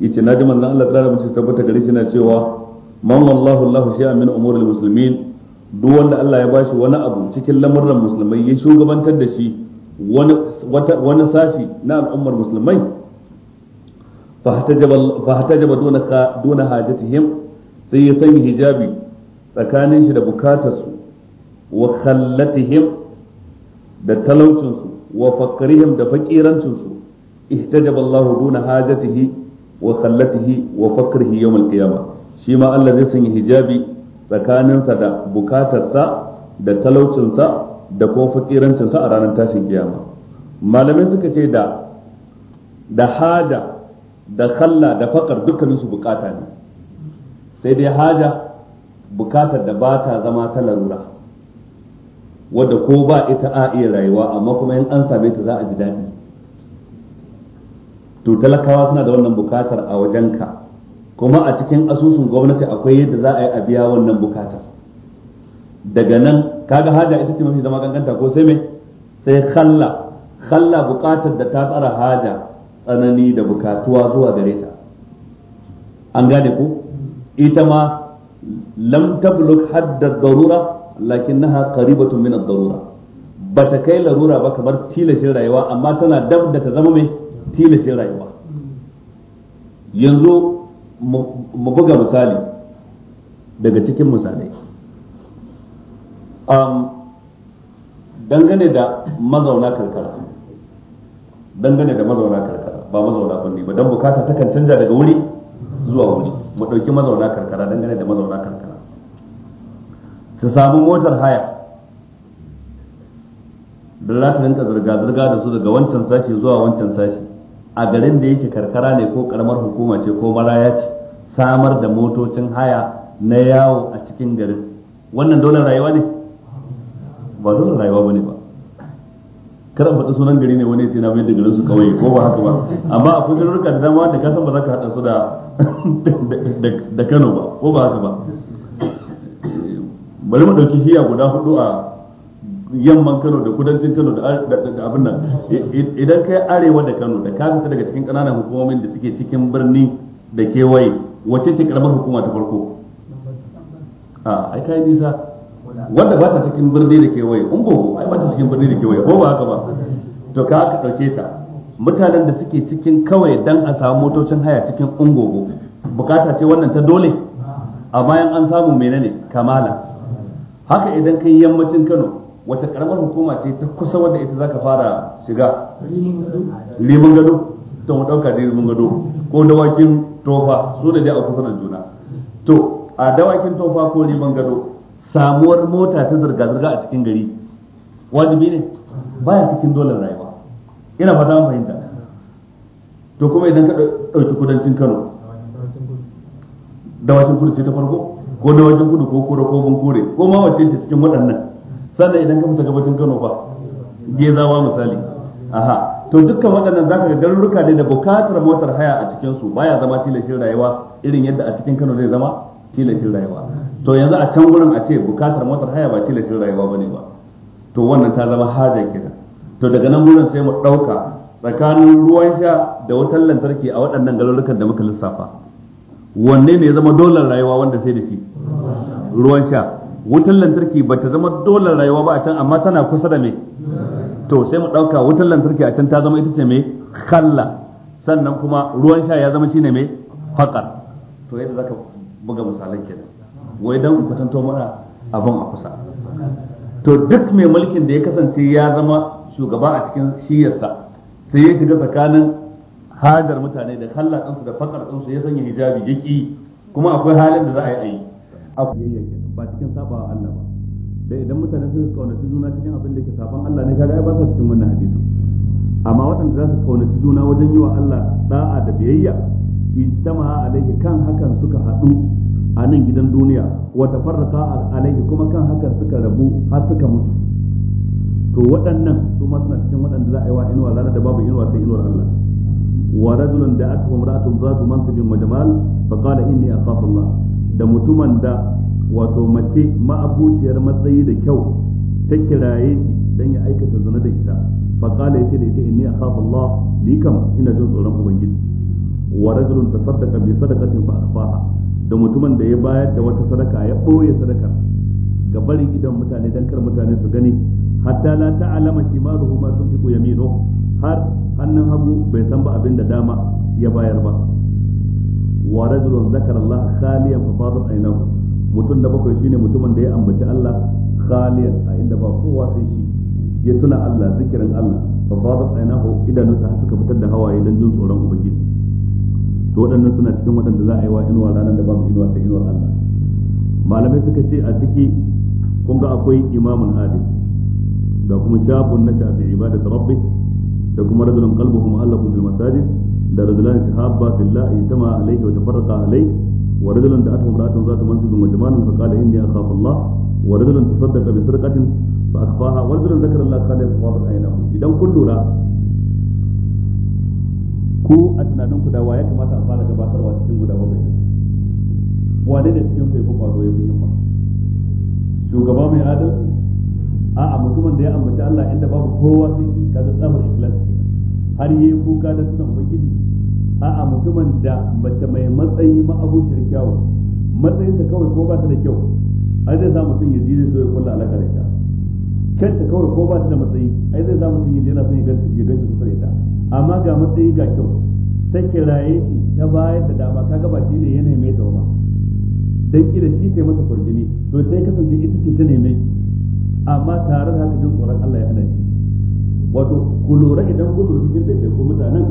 yace naji manzon Allah tsara mutum tabbata gare shi na cewa man wallahu Allah shay'a min umuril muslimin duk wanda Allah ya bashi wani abu cikin lamurran musulmai ya shugabantar da shi wani wani sashi na al'ummar musulmai fa hatajaba duna duna hajatihim sai ya sanya hijabi tsakanin shi da bukatarsu wa kallatihim da talaucinsu wa fakarihim da fakirancinsu ihtajaba Allah duna hajatihi wa khallatihi wa fakrihi yawm al shi ma Allah zai sanya hijabi tsakaninsa da bukatarsa da talaucinsa da kuma fakirancinsa a ranar tashin kiyama malamai suka ce da da haja da kalla da fakar dukkaninsu bukata ne sai dai haja bukatar da ba ta zama ta larura wadda ko ba ita a iya rayuwa amma kuma in an same ta za a ji daɗi to talakawa suna da wannan bukatar a wajenka kuma a cikin asusun gwamnati akwai yadda za a yi a biya wannan bukatar daga nan kaga haja ita ce mafi zama ganganta ko sai mai sai khalla khalla bukatar da ta tsara haja tsanani da bukatuwa zuwa gare ta an gane ku ita ma lam tabluk hadda darura lakinnaha qaribatun min ad-darura bata kai larura ba kamar tilashin rayuwa amma tana dab da ta zama mai tilashin rayuwa yanzu mu buga misali daga cikin misalai dangane da mazauna karkara dangane da mazauna karkara ba mazauna birni ba don bukata ta kan canja daga wuri zuwa wuri mu ɗauki mazauna karkara dangane da mazauna karkara su samu motar haya da za ta rinka zirga-zirga da su daga wancan sashi zuwa wancan sashi a garin da yake karkara ne ko karamar hukuma ce ko maraya ce samar da motocin haya na yawo a cikin garin wannan dole rayuwa ne ba dole rayuwa bane ba Kada faɗi sunan gari ne wani sai na bai da garin su kawai ko ba haka ba amma akwai garuruka da dama da kasan ba za ka haɗa su da da Kano ba ko ba haka ba bari mu ɗauki shiya guda hudu a yamman Kano da kudancin Kano da abin nan idan kai arewa da Kano da kafinta daga cikin kananan hukumomin da suke cikin birni da kewaye wacce ce karamar hukuma ta farko a ai kai nisa wanda ba ta cikin birni da kewaye in gogo ai ba ta cikin birni da kewaye ko ba haka ba to ka aka dauke ta mutanen da suke cikin kawai dan a samu motocin haya cikin ungogo bukata ce wannan ta dole a bayan an samu menene kamala haka idan kai yammacin Kano wata karamar hukuma ce ta kusa wanda ita zaka fara shiga liman gado to mu dauka da liman gado ko dawakin tofa su da dai a kusa juna to a dawakin tofa ko liman gado samuwar mota ta zirga zirga a cikin gari wajibi ne baya cikin dole rayuwa ina fata an fahimta to kuma idan ka dauki kudancin Kano dawakin kudu ce ta farko ko dawakin kudu ko kore ko bankore ko ma wace ce cikin waɗannan sannan idan ka fita gabacin Kano fa gezawa misali aha to dukkan waɗannan zaka ga garuruka ne da bukatar motar haya a cikin su baya zama tilashin rayuwa irin yadda a cikin Kano zai zama tilashin rayuwa to yanzu a can gurin a ce bukatar motar haya ba tilashin rayuwa bane ba to wannan ta zama haja kenan to daga nan gurin sai mu ɗauka tsakanin ruwan sha da wutar lantarki a waɗannan garurukan da muka lissafa wanne ne ya zama dolar rayuwa wanda sai da shi ruwan sha wutar lantarki ba ta zama dole rayuwa ba a can amma tana kusa da me to sai mu ɗauka wutar lantarki a can ta zama ita ce me khalla sannan kuma ruwan sha ya zama shine me faƙar to yadda zaka buga misalan kenan wai dan kwatanto mana abin a kusa to duk mai mulkin da ya kasance ya zama shugaba a cikin shiyarsa sai ya shiga tsakanin hadar mutane da kalla ɗansu da faƙar ɗansu ya sanya hijabi ya kuma akwai halin da za a yi a yi ba cikin sabawa Allah ba dai idan mutane sun kaunaci juna cikin abin da ke saban Allah ne kaga ai ba sa cikin wannan hadisin amma waɗanda za su kaunaci juna wajen yi wa Allah da'a da biyayya ijtama alaihi kan hakan suka haɗu a nan gidan duniya wa tafarraqa alaihi kuma kan hakan suka rabu har suka mutu to waɗannan su ma suna cikin waɗanda za a yi wa inuwa ranar da babu inuwa sai inuwar Allah wa rajulun da aka umra'atun zatu mansibin wa jamal fa qala inni akhafu Allah da mutumin da wato mace ma'abuciyar matsayi da kyau ta kiraye shi dan ya aikata zina da ita fa qala yace da ita inni akhafu Allah ni kam ina jin tsoron ubangiji wa rajulun tasaddaqa bi sadaqatin fa akhfaha da mutumin da ya bayar da wata sadaka ya boye sadakar ga bari gidan mutane dan kar mutane su gani hatta la ta'lama shimaluhu ma tunfiqu yamino har hannun hagu bai san ba abin da dama ya bayar ba wa rajulun zakara Allah khaliyan fa fadat aynahu mutum na bakwai shine mutumin da ya ambaci Allah khaliyan a inda ba kowa sai shi ya tuna Allah zikirin Allah fa fadat aynahu idanunsa suka fitar da hawaye dan jin tsoron ubangiji to waɗannan suna cikin waɗanda za a yi wa inuwa ranar da babu inuwa sai inuwar Allah malamai suka ce a ciki kun ga akwai imamun adil da kuma shafun na shafi ibadat rabbi da kuma rajulun qalbuhum allakum bil masajid da rajulan tahabba fillah yatama alayhi wa tafarraqa alayhi wa rajulun da atahum ra'atan zatu mansibin wa jamalin fa qala inni akhafu Allah wa rajulun tasaddaqa bi sadaqatin fa akhfaha wa rajulun zakara Allah qala idan kun lura ko a tunanin ku da ya kamata a fara gabatarwa cikin guda bakwai wane ne cikin sai ko kwazo ya fi shugaba mai adalci a'a mutumin da ya ambaci Allah inda babu kowa sai shi kaga tsamar ikhlas har yayi kuka da sunan ubangiji a'a mutumin da mace mai matsayi ma ma'abuciyar kyawu matsayinta kawai ko ba ta da kyau ai zai sa mutum ya ji so ya kula alaka da ita kanta kawai ko ba ta da matsayi ai zai sa mutum ya jira so ya ganta ya ganta kusa da ita amma ga matsayi ga kyau ta kiraye shi ta bayar da dama kaga ba shi ne ya mai ta ba dan kila shi ta masa furjini to sai kasance ita ce ta neme shi amma tare da haka jin tsoron Allah ya hana shi wato ku lura idan kun lura cikin ɗaiɗaikun mutanen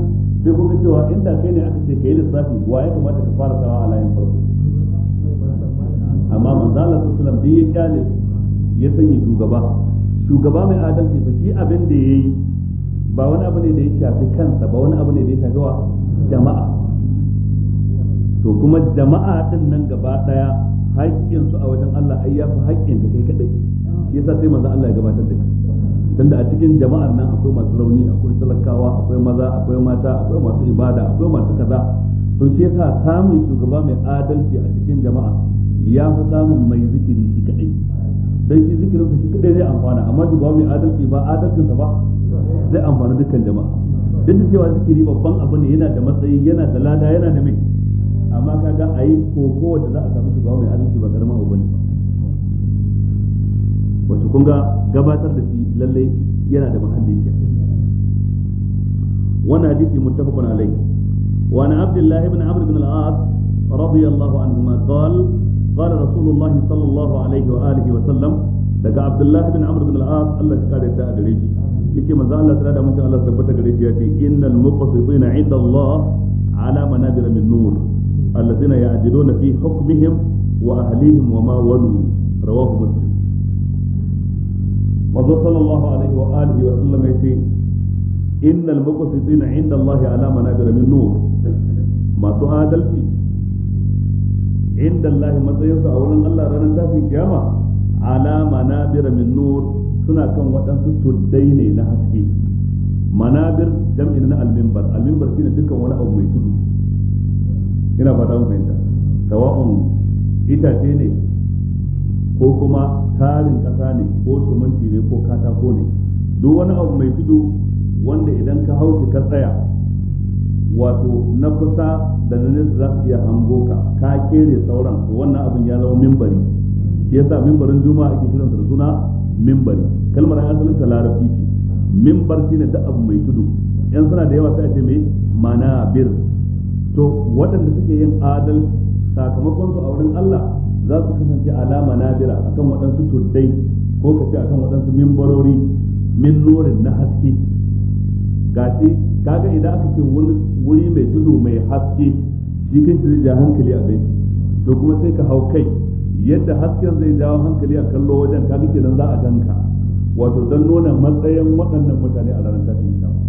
sai kuka cewa inda kai ne aka ce ka yi lissafi wa ya kamata ka fara sawa a layin farko amma manzalar Allah sallallahu ya kyale ya sanya shugaba shugaba mai adalci fa shi abin da yi ba wani abu ne da ya shafi kansa ba wani abu ne da ya shafi wa jama'a to kuma jama'a din nan gaba daya haƙƙinsu a wajen Allah ai ya fi haƙƙin ka kai kadai yasa sai manzo Allah ya gabatar da shi tunda a cikin jama'ar nan akwai masu rauni akwai talakawa akwai maza akwai mata akwai masu ibada akwai masu kaza to shi yasa samun shugaba mai adalci a cikin jama'a ya fi samun mai zikiri shi kadai dan shi zikirin shi kadai zai amfana amma shugaba mai adalci ba adalcinsa ba zai amfana dukkan jama'a duk da cewa zikiri babban abu ne yana da matsayi yana da lada yana da mai amma kaga a yi koko wanda za a samu shugaba mai adalci ba karamin abu ba wato kun ga gabatar da shi lalle yana da mahallin shi wannan hadisi muttafaqun alayhi wa an abdullah ibn amr ibn al-as radiyallahu قال رسول الله صلى الله عليه وآله وسلم لك عبد الله بن عمرو بن العاص الله كان يدعى قريش يتي مزا الله تعالى من شاء الله ثبت قريش يتي إن المقصدين عند الله على منابر من نور الذين يعدلون في حكمهم وأهليهم وما ولوا رواه مسلم manzo sallallahu alaihi wa alihi wa sallam yace innal muqsitina inda Allah ala manabir min nur masu adalci inda Allah matsayinsu a wurin Allah ranar tashin kiyama ala manabir min nur suna kan waɗansu tuddai ne na haske manabir jam'in na shine dukkan wani abu mai tudu ina fata mun fahimta sawa'un itace ne ko kuma tarin kasa ne ko suminti ne ko katako ne duk wani abu mai tudu wanda idan ka haushi ka tsaya wato na kusa da na nesa za su iya hango ka ka kere sauran to wannan abin ya zama mimbari shi yasa mimbarin juma'a ake kiranta da suna mimbari kalmar asalin ta larabci ce mimbar shine duk abu mai tudu yan suna da yawa sai a ce mai manabir to waɗanda suke yin adal sakamakon su a wurin Allah za su kasance alama a akan waɗansu tuddai ko ka ce akan waɗansu mimbarori min nurin na haske gashi kaga idan aka ce wuri mai tudu mai haske shi kan shi zai ja hankali a gaishe to kuma sai ka hau kai yadda hasken zai jawo hankali a kallo wajen ka ga kenan za a ganka wato don nuna matsayin waɗannan mutane a ranar tashin kiyama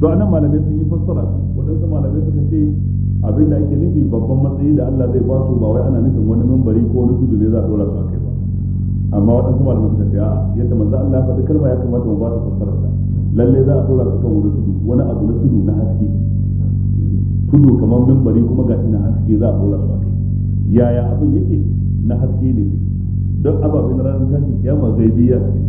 to anan malamai sun yi fassara waɗansu malamai suka ce abin da ake nufi babban matsayi da Allah zai ba su ba wai ana nufin wani mambari ko wani tudu ne za a dora su a kai ba amma waɗansu malamai suka ce a'a yadda manzo Allah ya faɗi kalma ya kamata mu ba ta fassara ta lalle za a dora su kan wani tudu wani abu na tudu na haske tudu kamar mambari kuma gashi na haske za a dora su a kai yaya abin yake na haske ne don ababen ranar tashin kiyama gaibiya ne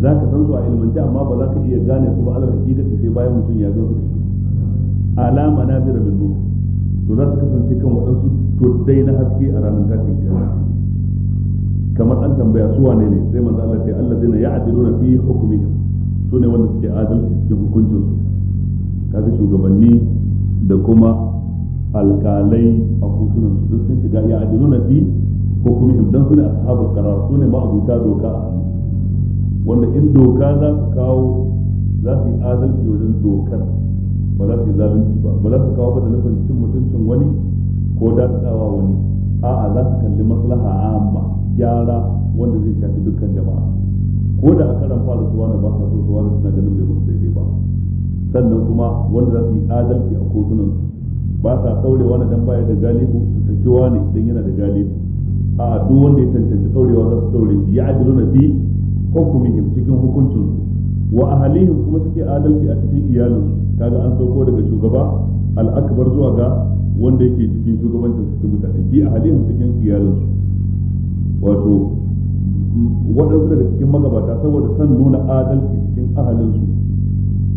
za ka san su a ilmance amma ba za ka iya gane su ba alal hakikati sai bayan mutum ya zo su alama na bira bin nufi to za su kasance kan waɗansu tuddai na haske a ranar tashin kiyama kamar an tambaya su wane ne sai manzo Allah ce Allah zai na fi hukumi su ne wanda suke adalci cikin hukuncin su kaga shugabanni da kuma alkalai a kotunan su duk sun shiga na fi hukumi dan su ne ashabul qarar su ne ma'abuta doka a hannu wanda in doka za su kawo za su yi adalci wajen dokar ba za su yi zalunci ba ba za su kawo ba da nufin cin mutuncin wani ko dakatawa wani a'a za su kalli maslaha amma gyara wanda zai shafi dukkan jama'a ko da a karan fara suwa da ba sa so suwa da suna ganin bai musu daidai ba sannan kuma wanda za su yi adalci a kotunan su ba sa ɗaurewa na dan baya da galibu su saki wani dan yana da galibu a duk wanda ya cancanci ɗaurewa za su ɗaure shi ya ajilu na bi hukumihim cikin hukuncin su wa ahalihim kuma suke adalci a cikin iyalinsu kaga an sauko daga shugaba al'akbar zuwa ga wanda yake cikin shugabancin cikin mutane fi a halin cikin iyalinsu wato waɗansu daga cikin magabata saboda san nuna adalci cikin ahalinsu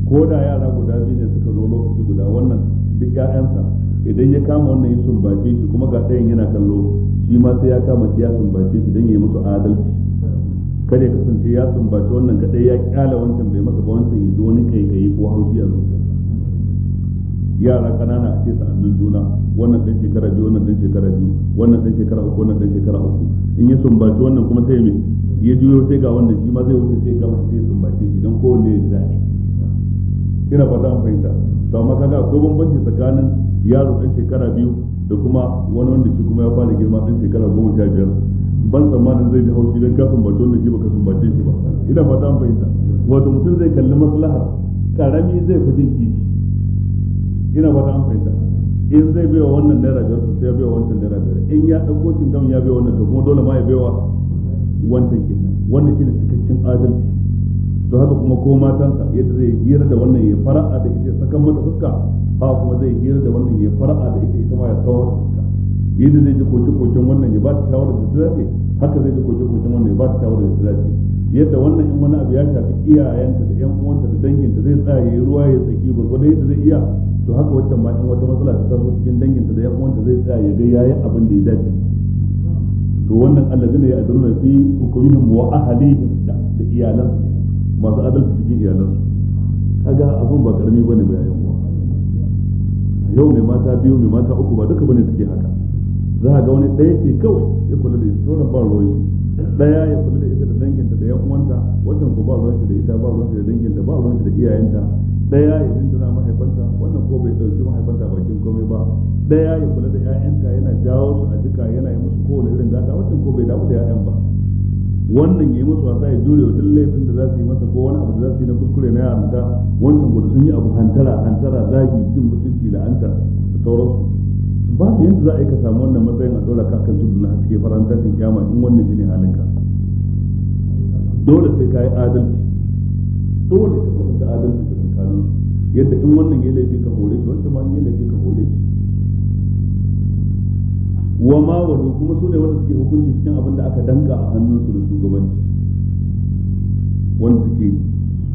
ko da yara guda biyu ne suka zo lokaci guda wannan duk ƴaƴansa idan ya kama wannan ya sumbace shi kuma ga ɗayan yana kallo shi ma sai ya kama shi ya sumbace shi don ya yi musu adalci kada ka kasance ya sumbaci wannan kadai ya kyala wancan bai masa ba wancan ya zo wani kai ko haushi a zuciyarsa yara kanana a ce sa'annin juna wannan dan shekara biyu wannan dan shekara biyu wannan dan shekara uku wannan dan shekara uku in ya sumbaci wannan kuma sai me ya juyo sai ga wannan shi ma zai wuce sai gama sai sumbace shi dan kowanne ya ji daɗi ina fata an fahimta to amma kaga akwai bambanci tsakanin yaro dan shekara biyu da kuma wani wanda shi kuma ya fara girma dan shekara goma sha biyar ban tsammanin zai ji haushi dan ka sumbace wanda shi baka sumbace shi ba ina fata an fahimta wato mutum zai kalli maslahar karami zai fi jin kishi ina fata an fahimta in zai wa wannan naira biyar to sai ya baiwa wancan naira biyar in ya dauko cingam ya baiwa wannan to kuma dole ma ya wa wancan kenan wannan ne cikakken adalci to haka kuma ko matansa yadda zai hira da wannan ya fara'a da ita sakan mata fuska haka kuma zai hira da wannan ya fara'a da ita ita ma ya sawo fuska yadda zai ji koke-koken wannan ya ba ta shawarar da su dace haka zai ji koke-koken wannan ya ba ta shawarar da su dace yadda wannan in wani abu ya shafi iyayenta da yan uwanta da danginta zai tsaya ya ruwa ya tsaki gurgurda yadda zai iya to haka wancan ma in wata matsala ta taso cikin danginta da yan uwanta zai tsaya ya ga yayi abin da ya dace to wannan ne ya adruna fi hukumihim wa ahlihim da iyalansu masu adalci cikin iyalansu kaga abin ba karami bane ba yayin yau mai mata biyu mai mata uku ba duka bane suke haka za a ga wani ɗaya ce kawai ya kula da ita ba ruwan shi ɗaya ya kula da ita da danginta da yan uwanta wancan ku ba ruwan shi da ita ba ruwan shi da danginta ba ruwan shi da iyayenta ɗaya ya dindina mahaifanta wannan ko bai ɗauki mahaifanta bakin komai ba ɗaya ya kula da ƴaƴanta yana jawo su a duka yana yi musu kowane irin gata wancan ko bai damu da ƴaƴan ba wannan ya yi musu wasa ya jure wa duk laifin da za su yi masa ko wani abu da za su yi na kuskure na yaranta wancan gudu sun yi abu hantara hantara zagi jin mutunci la'anta da sauransu babu yadda za a yi ka samu wannan matsayin a dole ka kan tudu na haske faran tashin kyama in wannan shine halinka dole sai ka yi adalci dole ka kwatanta adalci da tsakanin yadda in wannan ya laifi ka hore shi wancan ma in ya laifi ka hore shi wa ma wadu kuma su ne wanda suke hukunci cikin abin da aka danka a hannunsu da shugabanci wanda suke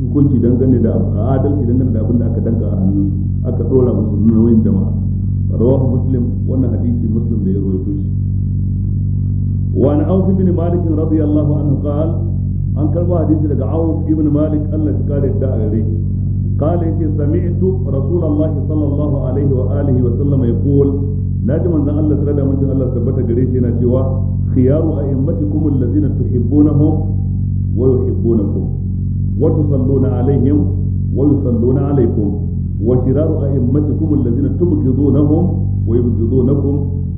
hukunci dangane da adalci dangane da abin da aka danka a hannunsu aka dora musu wayin jama'a rawahu muslim wannan hadisi muslim da ya rawaito shi wa an auf ibn malik radiyallahu anhu qala an karbo hadisi daga auf ibn malik Allah ya kare da gare shi قال إني سمعت رسول الله صلى الله عليه وآله وسلم يقول ناجم أن الله تعالى من الله ثبت قريشنا سوى خيار أئمتكم الذين تحبونهم ويحبونكم وتصلون عليهم ويصلون عليكم وشرار أئمتكم الذين تبغضونهم ويبغضونكم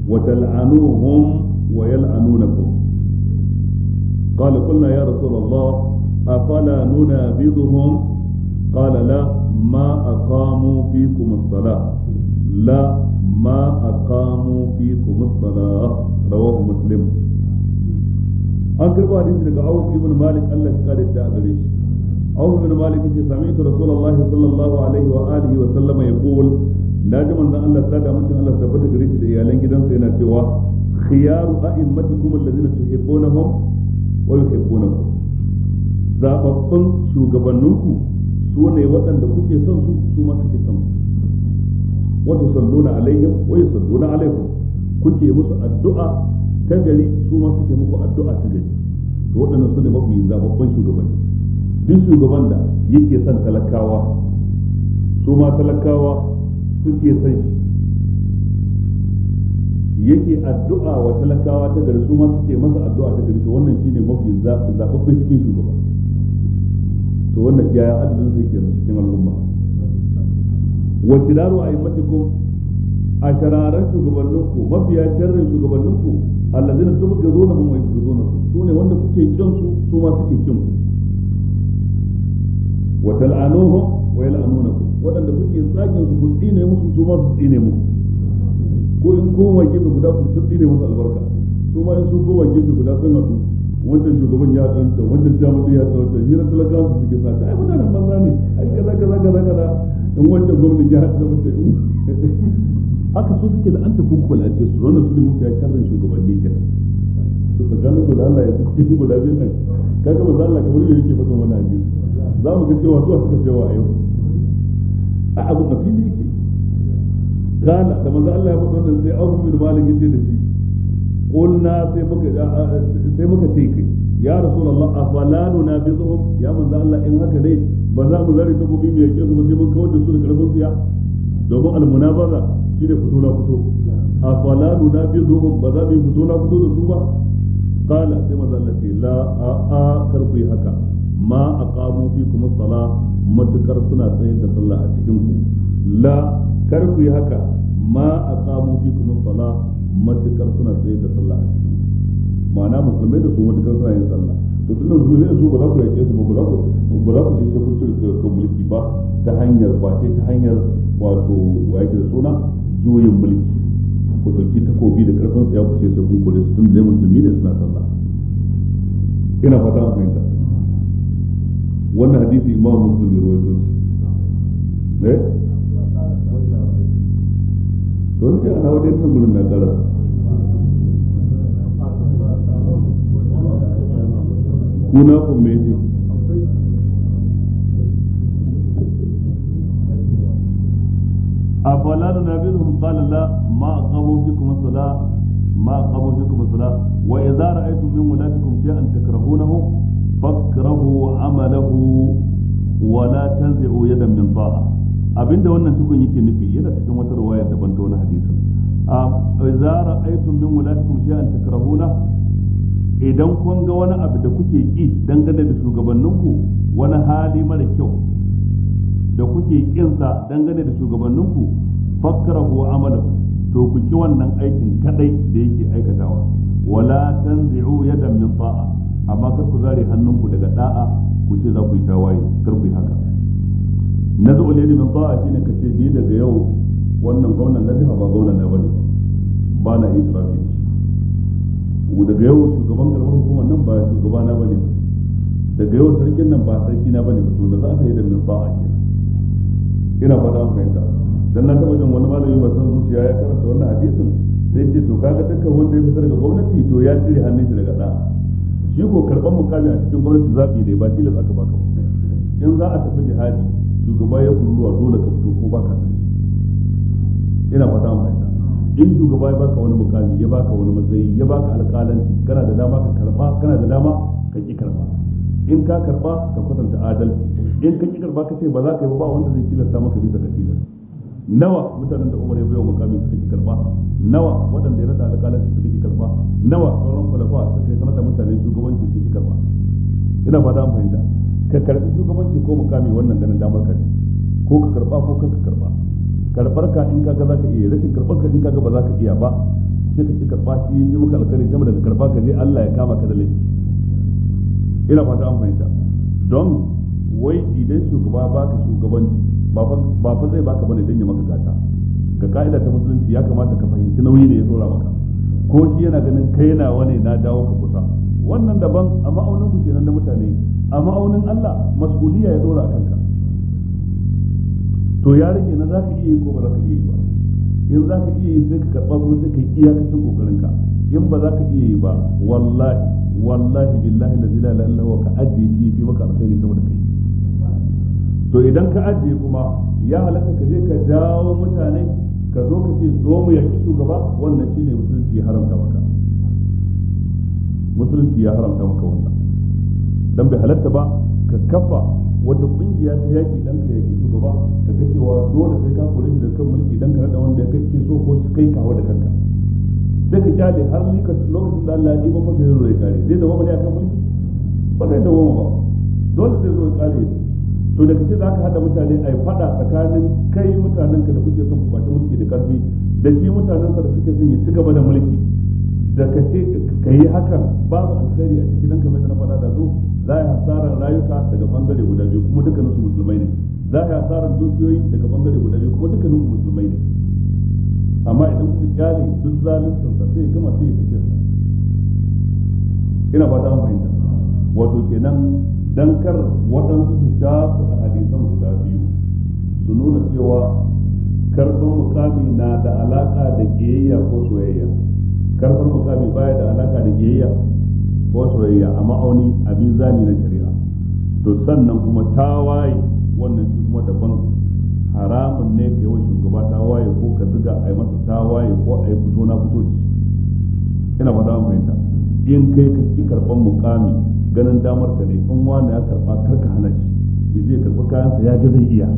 وتلعنوهم ويلعنونكم قال قلنا يا رسول الله أفلا ننابذهم قال لا ما أقاموا فيكم الصلاة لا ما أقاموا فيكم الصلاة رواه مسلم an karɓo hadisi daga awuf ibn malik Allah ya kare da gare shi awf bin malik yace sami'tu rasulullahi sallallahu alaihi wa alihi wa sallama yaqul da ji Allah sada mutum Allah tabbata gare shi da iyalan gidansa yana cewa khiyaru a'immatikum alladhina tuhibbunahum wa yuhibbunakum zababbun shugabanninku su ne waɗanda kuke son su su ma suke son wa tusalluna alaikum kuke musu addu'a ta gari su ma suke muku addu'a ta gari to waɗannan su ne mafi zababban shugabanni duk shugaban da yake son talakawa su ma talakawa suke son shi yake addu'a wa talakawa ta gari su ma suke masa addu'a ta gari to wannan shine mafi zaɓaɓɓen cikin shugaba to wannan yaya adadin su yake cikin al'umma wa shiraru a ko a shararan shugabanninku mafiya sharrin ku allazina tubgazunahum wa su ne wanda kuke kin su su ma suke kin ku wa tal'anuhum wa yal'anunakum waɗanda kuke tsagin su ku tsine musu su ma su tsine muku ko in kowa gefe guda ku tsine musu albarka su shugaban ya tsanta wannan jami'in ya tsanta hirar talakawa su suke sace ai mutanen banza ne ai kaza kaza kaza kaza in wancan gwamnati ya haɗa mata haka su suke la'anta ku kwalace su wannan su ne mafiya sharrin shugabanni kenan to tsakanin ku da Allah ya tsaki ku da bin nan kaga manzo Allah kamar yake za mu ga cewa zuwa suka cewa a yau a abu a fili yake kana da manzo Allah ya faɗa wannan sai Abu bin Malik yace da shi qulna sai muka sai muka ce kai ya rasulullah afalanu nabizuhum ya manzo Allah in haka ne ba za mu zare takobi mu yake su ba sai mun kawar da su da karfin tsiya domin almunabaza shine fito na fito afalanu nabizuhum ba za mu fito na fito da su ba kala sai manzo Allah ce la a a karku haka ma aqamu fi kuma sala matukar suna tsaye da sallah a cikin ku la kar ku yi haka ma aqamu fi kuma sala matukar suna tsaye da sallah a cikin ku ma'ana musulmai da su matukar suna yin sallah to tunda musulmai da su ba za ku yake su ba ba za ku ba za ku sai kun cire kan mulki ba ta hanyar ba ce ta hanyar wato wa yake da suna juyin mulki ku dauki takobi da karfin sa ya ku ce sai kun kore su tunda dai musulmi ne suna sallah ina fata an fahimta wannan hadisi imam muslim ya rawaito shi eh to ne ana wajen nan gurin na karasa kuna kun me ce afala da nabizuhum qala la ma aqamu fikum as-salah ma aqamu fikum as-salah wa idza ra'aytum min wulatikum shay'an takrahunahu fakrahu amalahu Wala, la tanzi'u yadan min ta'a abinda wannan tukun yake nufi yana cikin wata riwaya daban ta wani hadisin idza ra'aytum min wulatikum shay'an takrahuna idan kun ga wani abu da kuke ki dangane da shugabanninku wani hali mara kyau da kuke kinsa dangane da shugabanninku fakrahu amalahu to ku ki wannan aikin kadai da yake aikatawa wala tanzi'u yadan min ta'a amma kar ku zare hannunku daga da'a ku ce za ku yi tawaye kar ku yi haka nazu ulaydi min ta'a shine ka ce bi daga yau wannan gwamnan na jiha ba gwamnan na bane ba na yi tirafi daga yau shugaban karbar hukumar nan ba shugaba na bane daga yau sarkin nan ba sarki na bane ba to da za ka yi da min ta'a kenan ina fata an fahimta dan na taba jin wani malami ba san zuciya ya karanta wannan hadisin sai ce to kaga dukkan wanda ya fitar ga gwamnati to ya cire hannun shi daga da'a shi ko karban mukami a cikin gwamnati zaɓi ne ba tilas aka baka ba in za a tafi jihadi shugaba ya kururuwa dole ka fito ko baka san shi ina fata mu fahimta in shugaba ya baka wani mukami ya baka wani matsayi ya baka alƙalanci kana da dama ka karba kana da dama ka ki karba in ka karba ka kwatanta adalci in ka ki karba ka ce ba za ka yi ba wanda zai tilasta maka bisa ka tilas nawa mutanen da Umar ya bayar mukami suka ki karba nawa waɗanda ya rasa alƙalanci suka ki karba nawa sauran kwalafa suka sa mutane shugabanci su ki karba ina fata an fahimta ka karbi shugabanci ko mukami wannan ganin damar ka ko ka karba ko ka karba karbar ka in kaga zaka iya rashin karbar ka in kaga ba zaka iya ba sai ka ci karba shi yi maka alkhairi sama daga karba ka je Allah ya kama ka da laifi ina fata an fahimta don wai idan shugaba baka shugabanci ba fa zai baka bane dan ya maka gata ga ka'ida ta musulunci ya kamata ka fahimci nauyi ne ya tsora maka ko shi yana ganin kai na wani na dawo ka kusa wannan daban a ma'aunin ku kenan da mutane a ma'aunin Allah mas'uliya ya dora a kanka to ya rike na zaka iya yi ko ba zaka iya yi ba in zaka iya yi sai ka karba kuma sai ka yi iyakacin kokarin ka in ba zaka iya yi ba wallahi wallahi billahi la ilaha illa huwa ka ajiye shi fi maka alkhairi saboda kai to idan ka ajiye kuma ya halaka ka je ka dawo mutane ka zo ka ce zo mu yaki shugaba wannan shine musulunci ya haramta maka musulunci ya haramta maka wannan dan bai halatta ba ka kafa wata kungiya ta yaki dan ka yaki shugaba ka ga cewa dole sai ka kula da kan mulki dan ka rada wanda kake so ko kai hawa da kanka sai ka kyale har lokacin da Allah ya diba maka zai zo ya kare zai dawo ne akan mulki ba zai wani ba dole zai zo ya kare to da kace zaka hada mutane ai fada tsakanin kai mutanen ka da kuke son ku kwace mulki da karfi da shi mutanen ka da suke son ya ci gaba da mulki da kace kai hakan babu alkhairi a cikin ka mai na fada da zo za yi hasaran rayuka daga bangare guda biyu kuma dukkanin su musulmai ne za yi hasaran dukiyoyi daga bangare guda biyu kuma dukkanin su musulmai ne amma idan ku kyale duk zalincin sa sai kuma sai ya tafi ina fata an fahimta wato kenan dan kar waɗansu su a hadisan guda biyu su nuna cewa karɓar mukami na da alaƙa da ƙiyayya ko soyayya karɓar mukami baya da alaƙa da ƙiyayya ko soyayya a ma'auni a zani na shari'a to sannan kuma tawaye wannan shi kuma daban haramun ne ka yawan shugaba tawaye ko ka zuga a yi masa tawaye ko a yi fito na fito ina mu fahimta in kai ka ci karɓar mukami ganin damar ka ne in wani ya karba kar ka hana shi ya je karba kayansa ya ga zai iya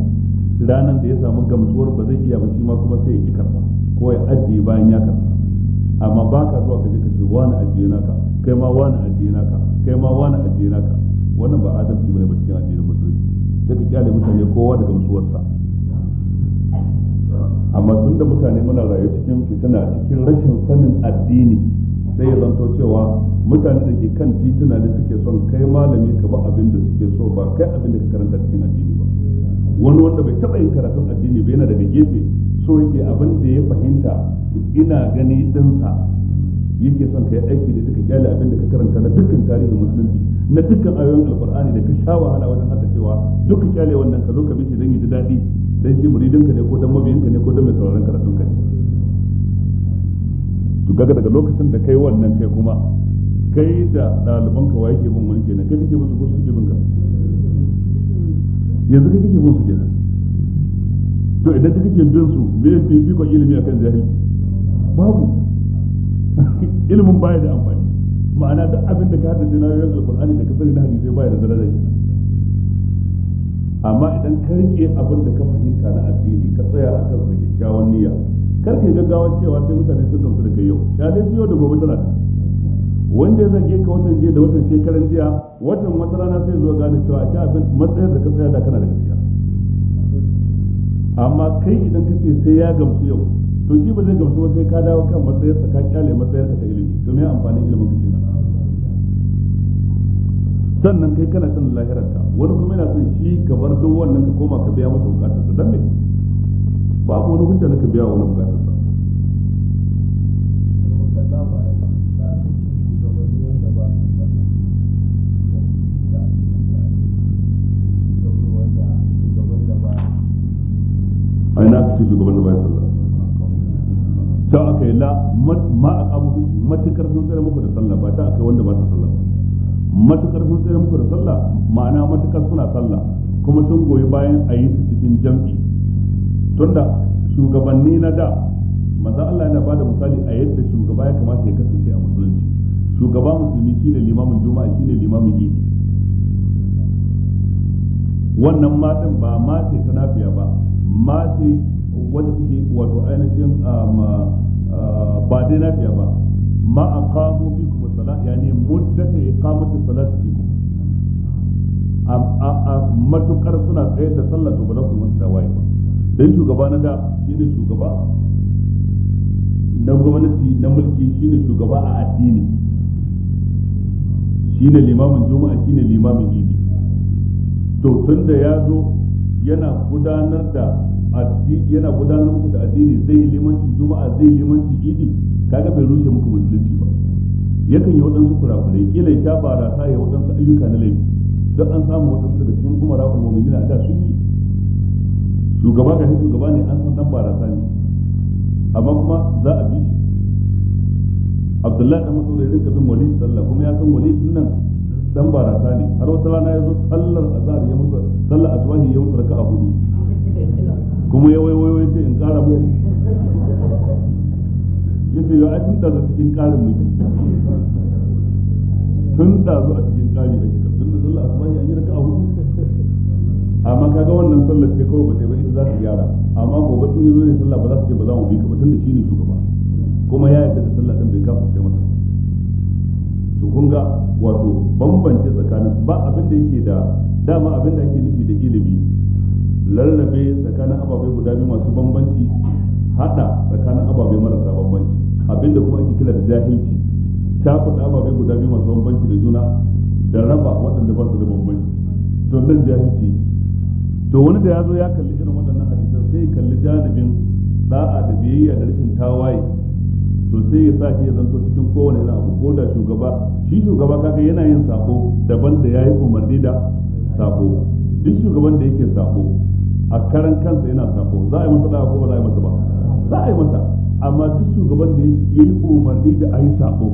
ranar da ya samu gamsuwar ba zai iya ba shi ma kuma sai ya ki karba ko ya ajiye bayan ya karba amma ba ka zuwa ka je ka ce wani ajiye naka kai ma wani ajiye naka kai ma wani ajiye naka wannan ba adalci bane ba cikin addinin musulunci sai ka kyale mutane kowa da gamsuwarsa amma tun da mutane muna rayu cikin fitina cikin rashin sanin addini sai ya zanto cewa mutane da ke kan tituna da suke son kai malami ka ba abin da suke so ba kai abin da ka karanta cikin addini ba wani wanda bai taɓa yin karatun addini ba yana daga gefe so yake abin da ya fahimta ina gani dinsa yake son kai aiki da duka kyale abin da ka karanta na dukkan tarihin musulunci na dukkan ayoyin alkur'ani da ka sha wahala wajen hada cewa duka kyale wannan ka zo ka bi shi don ya ji daɗi dan shi muridinka ne ko dan mabiyinka ne ko dan mai sauraron karatun ne to kaga daga lokacin da kai wannan kai kuma kai da ɗaliban ka waye ke bin wani kenan kai kake musu ko suke bin ka yanzu kai kake musu kenan to idan kai kake bin su me ko ilimi akan jahili babu ilimin baya da amfani ma'ana duk abin da ka hada na yoyon alkur'ani da ka sani na hadisai baya da daraja kenan amma idan ka rike abin da ka fahimta na addini ka tsaya akan kyakkyawan niyya kar ka gaggawa cewa sai mutane sun gamsu da kai yau dai su yau da gobe tana da wanda ya zage ka watan jiya da watan shekaran jiya watan wata rana sai zuwa gane cewa a sha abin matsayar da ka tsaya da kana da gaskiya amma kai idan ka ce sai ya gamsu yau to shi ba zai gamsu ba sai ka dawo kan matsayar ka kyale matsayar ka ta ilimi to me amfanin ilimin ka kenan sannan kai kana son lahirarka wani kuma yana son shi ka bar duk wannan ka koma ka biya masa bukatarsa don me babu wani hujja na ka biya wani bukatar sa ai na kace shugaban da bai sallah ta aka yi la ma aqabu matakar sun tsare muku da sallah ba ta aka wanda ba ta sallah matakar sun tsare muku da sallah ma'ana matakar suna sallah kuma sun goyi bayan a yi cikin jam'i tunda shugabanni na da maza Allah yana bada misali a yadda shugaba ya kamata ya kasance a musulunci shugaba musulmi shine limamin juma'a shine limamin idi wannan matan ba mace ta nafiya ba mace wadda suke wato ainihin um, uh, ba dai nafiya ba ma a kamo fi kuma ya yani muddata ya kamata salat fi kuma a matukar suna tsayar da sallah to ba za ku masu tawaye ba dan shugaba na da shine shugaba na gwamnati na mulki shine shugaba a addini shine limamin juma'a shine limamin idi to tunda ya zo yana gudanar da addini yana gudanar muku da addini zai limancin juma'a zai yi limancin idi kaga bai rushe muku musulunci ba yakan yi waɗansu kurakurai kila ya sha barasa ya waɗansu ayyuka na laifi don an samu waɗansu daga cikin kuma rafin mominina a da sun yi shugaba ga shi shugaba ne an san dan barasa ne amma kuma za a bi shi Abdullahi da Mas'ud ya rinka bin Walid sallah kuma ya san Walid nan dan barasa ne har wata rana ya zo sallar azhar ya musu sallar asbahi ya musu raka'a hudu kuma ya wayo ya ce in kara mu yace ya tun da cikin karin muke tun da zo a cikin kari ake kafin da sallar asbahi an yi raka'a hudu amma kaga wannan sallar ce kawai ba ta ba ita za ta gyara amma gobe in yi zuwa sallah ba za su ce ba za mu bi ka ba tunda ne shugaba kuma ya yarda da sallah din bai sai mata to kun ga wato bambance tsakanin ba abin da yake da dama abin da ake nufi da ilimi lallabe tsakanin ababai guda biyu masu bambanci hada tsakanin ababai marasa bambanci abinda kuma ake kira da jahilci shafuɗa ababai guda biyu masu bambanci da juna da raba waɗanda ba su da bambanci to nan jahilci to wani da ya zo ya kalli irin waɗannan hadisan sai ya kalli janibin da'a da biyayya da rashin tawaye to sai ya sa shi ya zanto cikin kowane irin abu ko da shugaba shi shugaba kaga yana yin sako daban da ya yi umarni da sako duk shugaban da yake sako a karan kansa yana sako za a yi masa da'a ko ba za a yi masa ba za a yi masa amma duk shugaban da ya yi umarni da a yi sako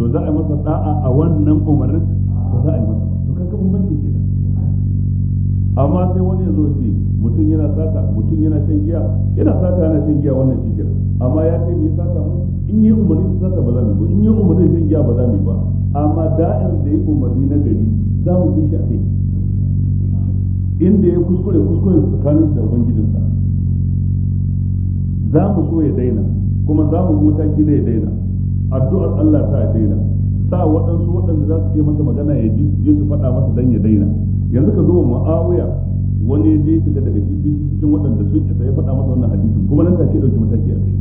to za a yi masa da'a a wannan umarnin ba za a yi masa to kaga bambanci kenan amma sai wani ya zo ce mutum yana sata mutum yana shan giya yana sata yana shan giya wannan shi kira amma ya ce me sata mu in yi umarni da sata ba za mu ba in yi umarni da shan giya ba za mu ba amma da'ir da ya umarni na gari za mu bi shi a kai inda ya kuskure kuskure tsakanin shi da sa za mu so ya daina kuma za mu ki ne ya daina addu'ar Allah ta ya daina sa waɗansu waɗanda za su iya masa magana ya ji su faɗa masa dan ya daina yanzu ka zo ma'awiya wani je shiga daga shi sai cikin waɗanda sun isa ya faɗa masa wannan hadisin kuma nan take dauki mataki a kai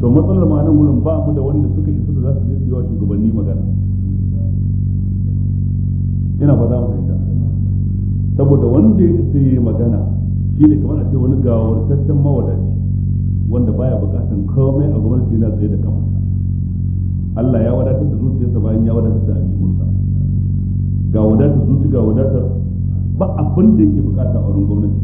to matsalar ma nan wurin ba mu da wanda suka isa da za su je su yi wa shugabanni magana ina ba za mu fahimta saboda wanda ya isa ya yi magana shi ne kamar a ce wani gawartaccen mawadaci wanda baya buƙatar komai a gwamnati yana tsaye da kamarsa Allah ya wadatar da zuciyarsa bayan ya wadatar da aljihunsa ga wadatar zuci ga wadatar ba abin da yake bukata a wurin gwamnati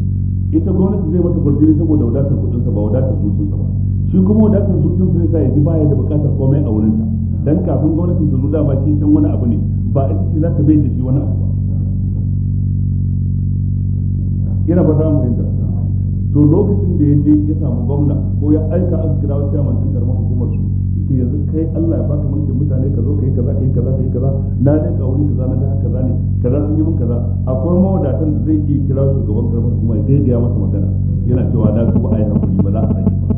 ita gwamnati zai mata kwarjini saboda wadatar sa ba wadatar sa ba shi kuma wadatar zuciyarsa sa ya ji baya da bukatar komai a wurin ta dan kafin gwamnati ta zo dama shi can wani abu ne ba ita ce za ta bai shi wani abu ba ina ba za mu fahimta to lokacin da ya je ya samu gwamna ko ya aika aka kira wata din karamar hukumar su ce yanzu kai Allah ya baka mulkin mutane ka zo kai kaza kai kaza kai kaza na ne ka wuri kaza na ga kaza ne kaza sun yi mun kaza akwai mawadatan da zai iya kira su gaban karfin kuma ya daidaya masa magana yana cewa na su ba a yi hakuri ba za a sake ba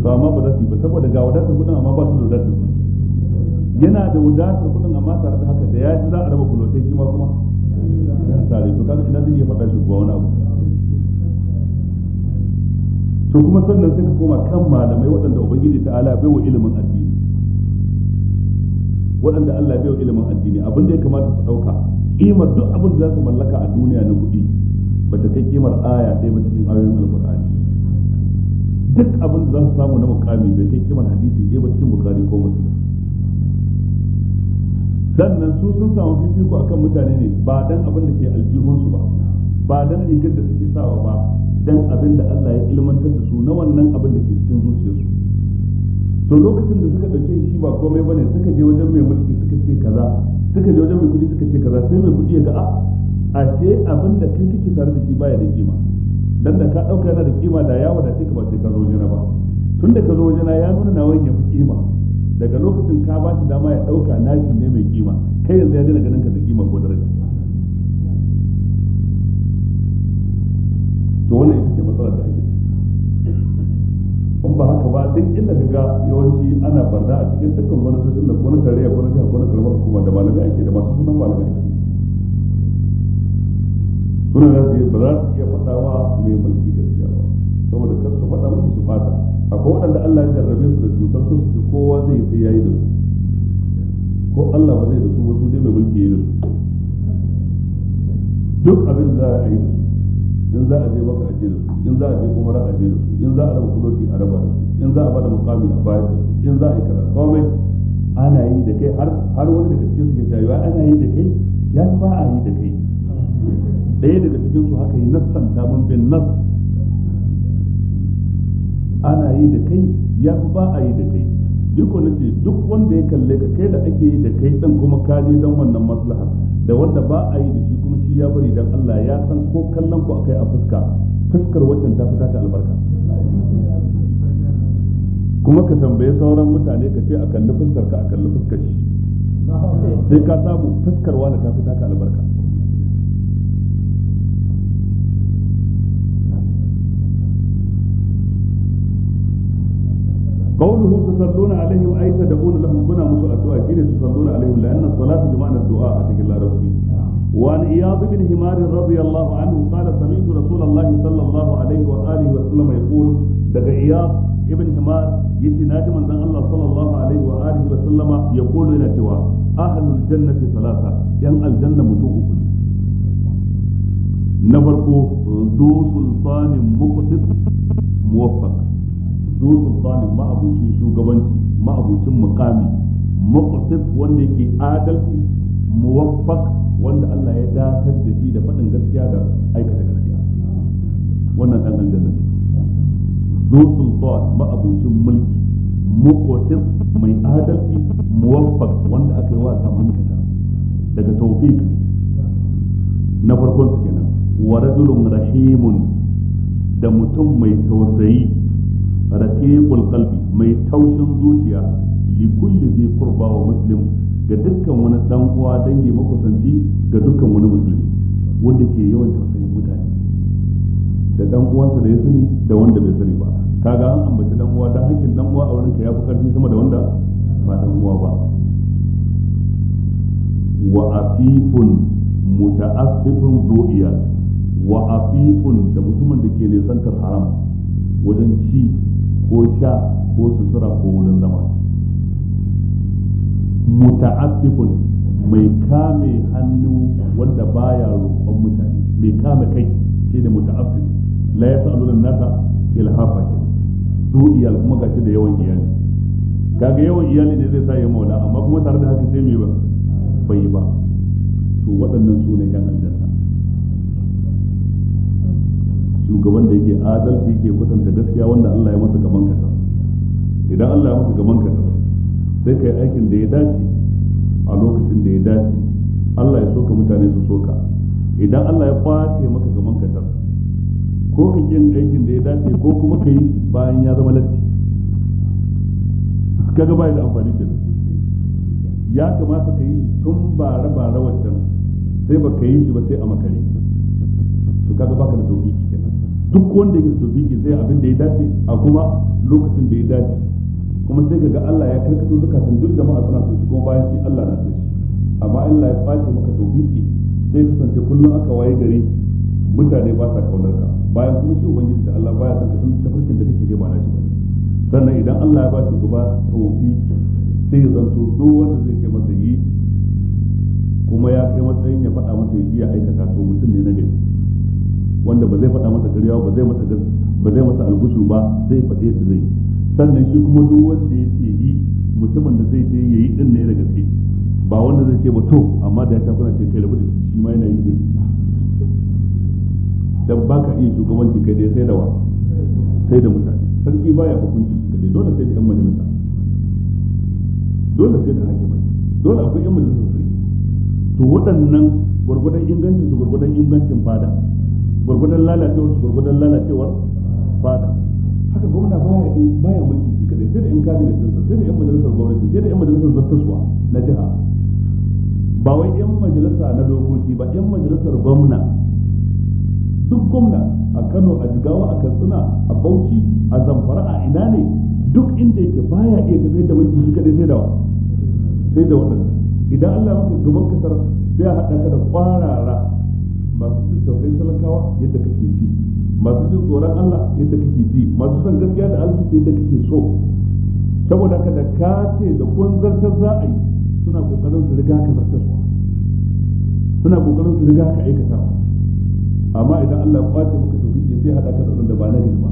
to amma ba za su yi ba saboda ga wadatar kudin amma ba su da wadatar su yana da wadatar kudin amma tare da haka da ya ji za a raba kulotai shi ma kuma sare to kaga idan zai iya faɗa shi shugaba wani abu to kuma sannan sai ka koma kan malamai waɗanda ubangiji ta ala baiwa ilimin addini waɗanda Allah baiwa ilimin addini abin da ya kamata su ɗauka kimar duk abin da za su mallaka a duniya na kuɗi ba ta kai kimar aya ɗaya ba cikin ayoyin alƙur'ani duk abin da za su samu na mukami bai kai kimar hadisi ɗaya ba cikin bukari ko musulmi sannan su sun samu fifiko akan mutane ne ba dan abin da ke aljihunsu ba ba dan rigar da suke sawa ba dan abin da Allah ya ilmantar da su na wannan abin da ke cikin zuciyarsu to lokacin da suka dauke shi ba komai bane suka je wajen mai mulki suka ce kaza suka je wajen mai kudi suka ce kaza sai mai kudi ya ga a ah, ashe abin da kai kake tare da shi baya da kima dan da ka dauka yana da kima da ya wadace ka ba sai ka zo wajena ba tun da ka zo wajena ya nuna na ya fi kima daga lokacin ka ba shi dama ya dauka nashi ne mai kima kai yanzu ya dina ganin ka da kima ko daraja matsalar da ake in ba haka ba duk inda ka ga yawanci ana barna a cikin dukkan manufofin da kuma tarayya ko na jiha ko na karamar hukuma da malamai ake da masu sunan malamai ake suna da su ba za su iya faɗa wa mai mulki gaskiya ba saboda kar su faɗa mashi su fata akwai waɗanda Allah ya jarrabe su da cutar su suke kowa zai sai yayi da su ko Allah ba zai da su wasu dai mai mulki yi da su duk abin da za a yi da su in za a je maka a je da su in za a je umara a je da su in za a raba kuloti a raba da su in za a bada mukami a bayar da su in za a yi kaza komai ana yi da kai har wani daga cikin su ke tayewa ana yi da kai ya fi ba a yi da kai ɗaya daga cikin su haka yi nassan tamun bin nas ana yi da kai ya fi ba a yi da kai duk wani ce duk wanda ya kalle ka kai da ake yi da kai dan kuma kaji dan wannan maslahar da wanda ba a yi da shi kuma shi ya bari dan Allah ya san ko kallon ku akai a fuska fuskar wancan ta fita ta albarka kuma ka tambaye sauran mutane ka ce a kalli fuskar ka a kalli fuskar shi sai ka samu fuskar wanda ta fita ta albarka قوله تصلون عليهم أي تدعون لهم كنا مسوء الدعاء شين تصلون عليهم لأن الصلاة بمعنى الدعاء أتك الله ربسي وعن إياض بن همار رضي الله عنه قال سمعت رسول الله صلى الله عليه وآله وسلم يقول دقى إياض ابن همار يتي ناجما أن الله صلى الله عليه وآله وسلم يقول لنا سوى أهل الجنة ثلاثة ين الجنة متوقف نبركو ذو سلطان مقتد موفق zo sultanin ma'abucin shugabanci ma'abucin mukami muqsit wanda yake adalci muwaffaq wanda Allah ya dakatar da shi da faɗin gaskiya da aikata gaskiya wannan dan aljanna ne zo sultan ma'abucin mulki muqsit mai adalci muwaffaq wanda aka yi wa zamankata daga tawfiq na farkon su kenan wa rajulun rahimun da mutum mai tausayi raqiqul qalbi mai taushin zuciya li kulli dhi qurba wa muslim ga dukkan wani dan uwa dan dangi makusanci ga dukkan wani musulmi wanda ke yawan tausayin mutane da dan uwan sa da ya sani da wanda bai sani ba kaga an ambaci dan uwa da hakkin dan uwa a wurin ka yafi karfi sama da wanda ba dan uwa ba wa afifun muta'affifun zu'iya wa afifun da mutumin da ke nisantar haram wajen ci ko sha ko sutura ko wurin zama muta'affifun mai kame hannu wanda baya roƙon mutane mai kame kai shi da muta'affif la yas'aluna nasa ilhafa su iyal kuma gashi da yawan iyali kaga yawan iyali ne zai sa ya maula amma kuma tare da haka sai me ba bai ba to waɗannan su ne yan aljanna shugaban da yake adalci yake kwatanta gaskiya wanda Allah ya masa gaban kasa idan Allah ya masa gaban kasa sai kai aikin da ya dace a lokacin da ya dace Allah ya soka mutane su soka idan Allah ya kwace maka gaban kasa ko ka kin aikin da ya dace ko kuma ka yi bayan ya zama latti kaga bai da amfani kenan ya kamata ka yi tun bara bara wancan sai ba ka yi shi ba sai a makare to kaga baka da tofiki duk wanda yake tawfiki zai abin da ya dace a kuma lokacin da ya dace kuma sai kaga Allah ya karkato zakatun duk jama'a suna son shi kuma bayan shi Allah na son shi amma Allah ya fashe maka tawfiki sai ka kasance kullum aka waye gari mutane ba sa kaunar ka bayan kuma shi ubangiji da Allah baya son ka tun tafarkin da kake ba na shi sannan idan Allah ya ba shi gaba tawfiki sai ya zanto duk wanda zai kai masa yi kuma ya kai matsayin ya faɗa masa ya ji ya aikata to mutum ne na gari wanda ba zai faɗa masa ƙarya ba zai masa ba zai masa algushu ba zai faɗe su zai sannan shi kuma duk wanda ya ce yi mutumin da zai ce ya yi din ne da gaske ba wanda zai ce ba to amma da ya sha kuna ce kai rabu da shi ma yana yi din dan ba ka iya shugabanci kai dai sai da wa sai da mutane sarki baya hukunci shi kadai dole sai da yan majalisa dole sai da hakimai dole akwai yan majalisa sarki to waɗannan gwargwadon ingancin su gwargwadon ingancin fada gurgunan lalacewar su gurgunan lalacewar fada haka gwamna baya baya mulki shi kadai sai da yan kabinet din sai da yan majalisar gwamnati sai da yan majalisar zattaswa na jiha ba wai yan majalisa na dokoki ba yan majalisar gwamna duk gwamna a Kano a Jigawa a Katsina a Bauchi a Zamfara a ina ne duk inda yake baya iya tafiyar da mulki shi kadai sai da sai da wannan idan Allah maka gaban kasar sai a haɗa ka da kwarara masu jin tausayin talakawa yadda kake ji masu jin tsoron Allah yadda kake ji masu son gaskiya da alheri yadda kake so saboda haka da ka ce da kun zartar za a yi suna kokarin su riga ka zartarwa suna kokarin su riga ka aikatawa amma idan Allah ya kwace maka tauhidi sai hada ka da ba na ba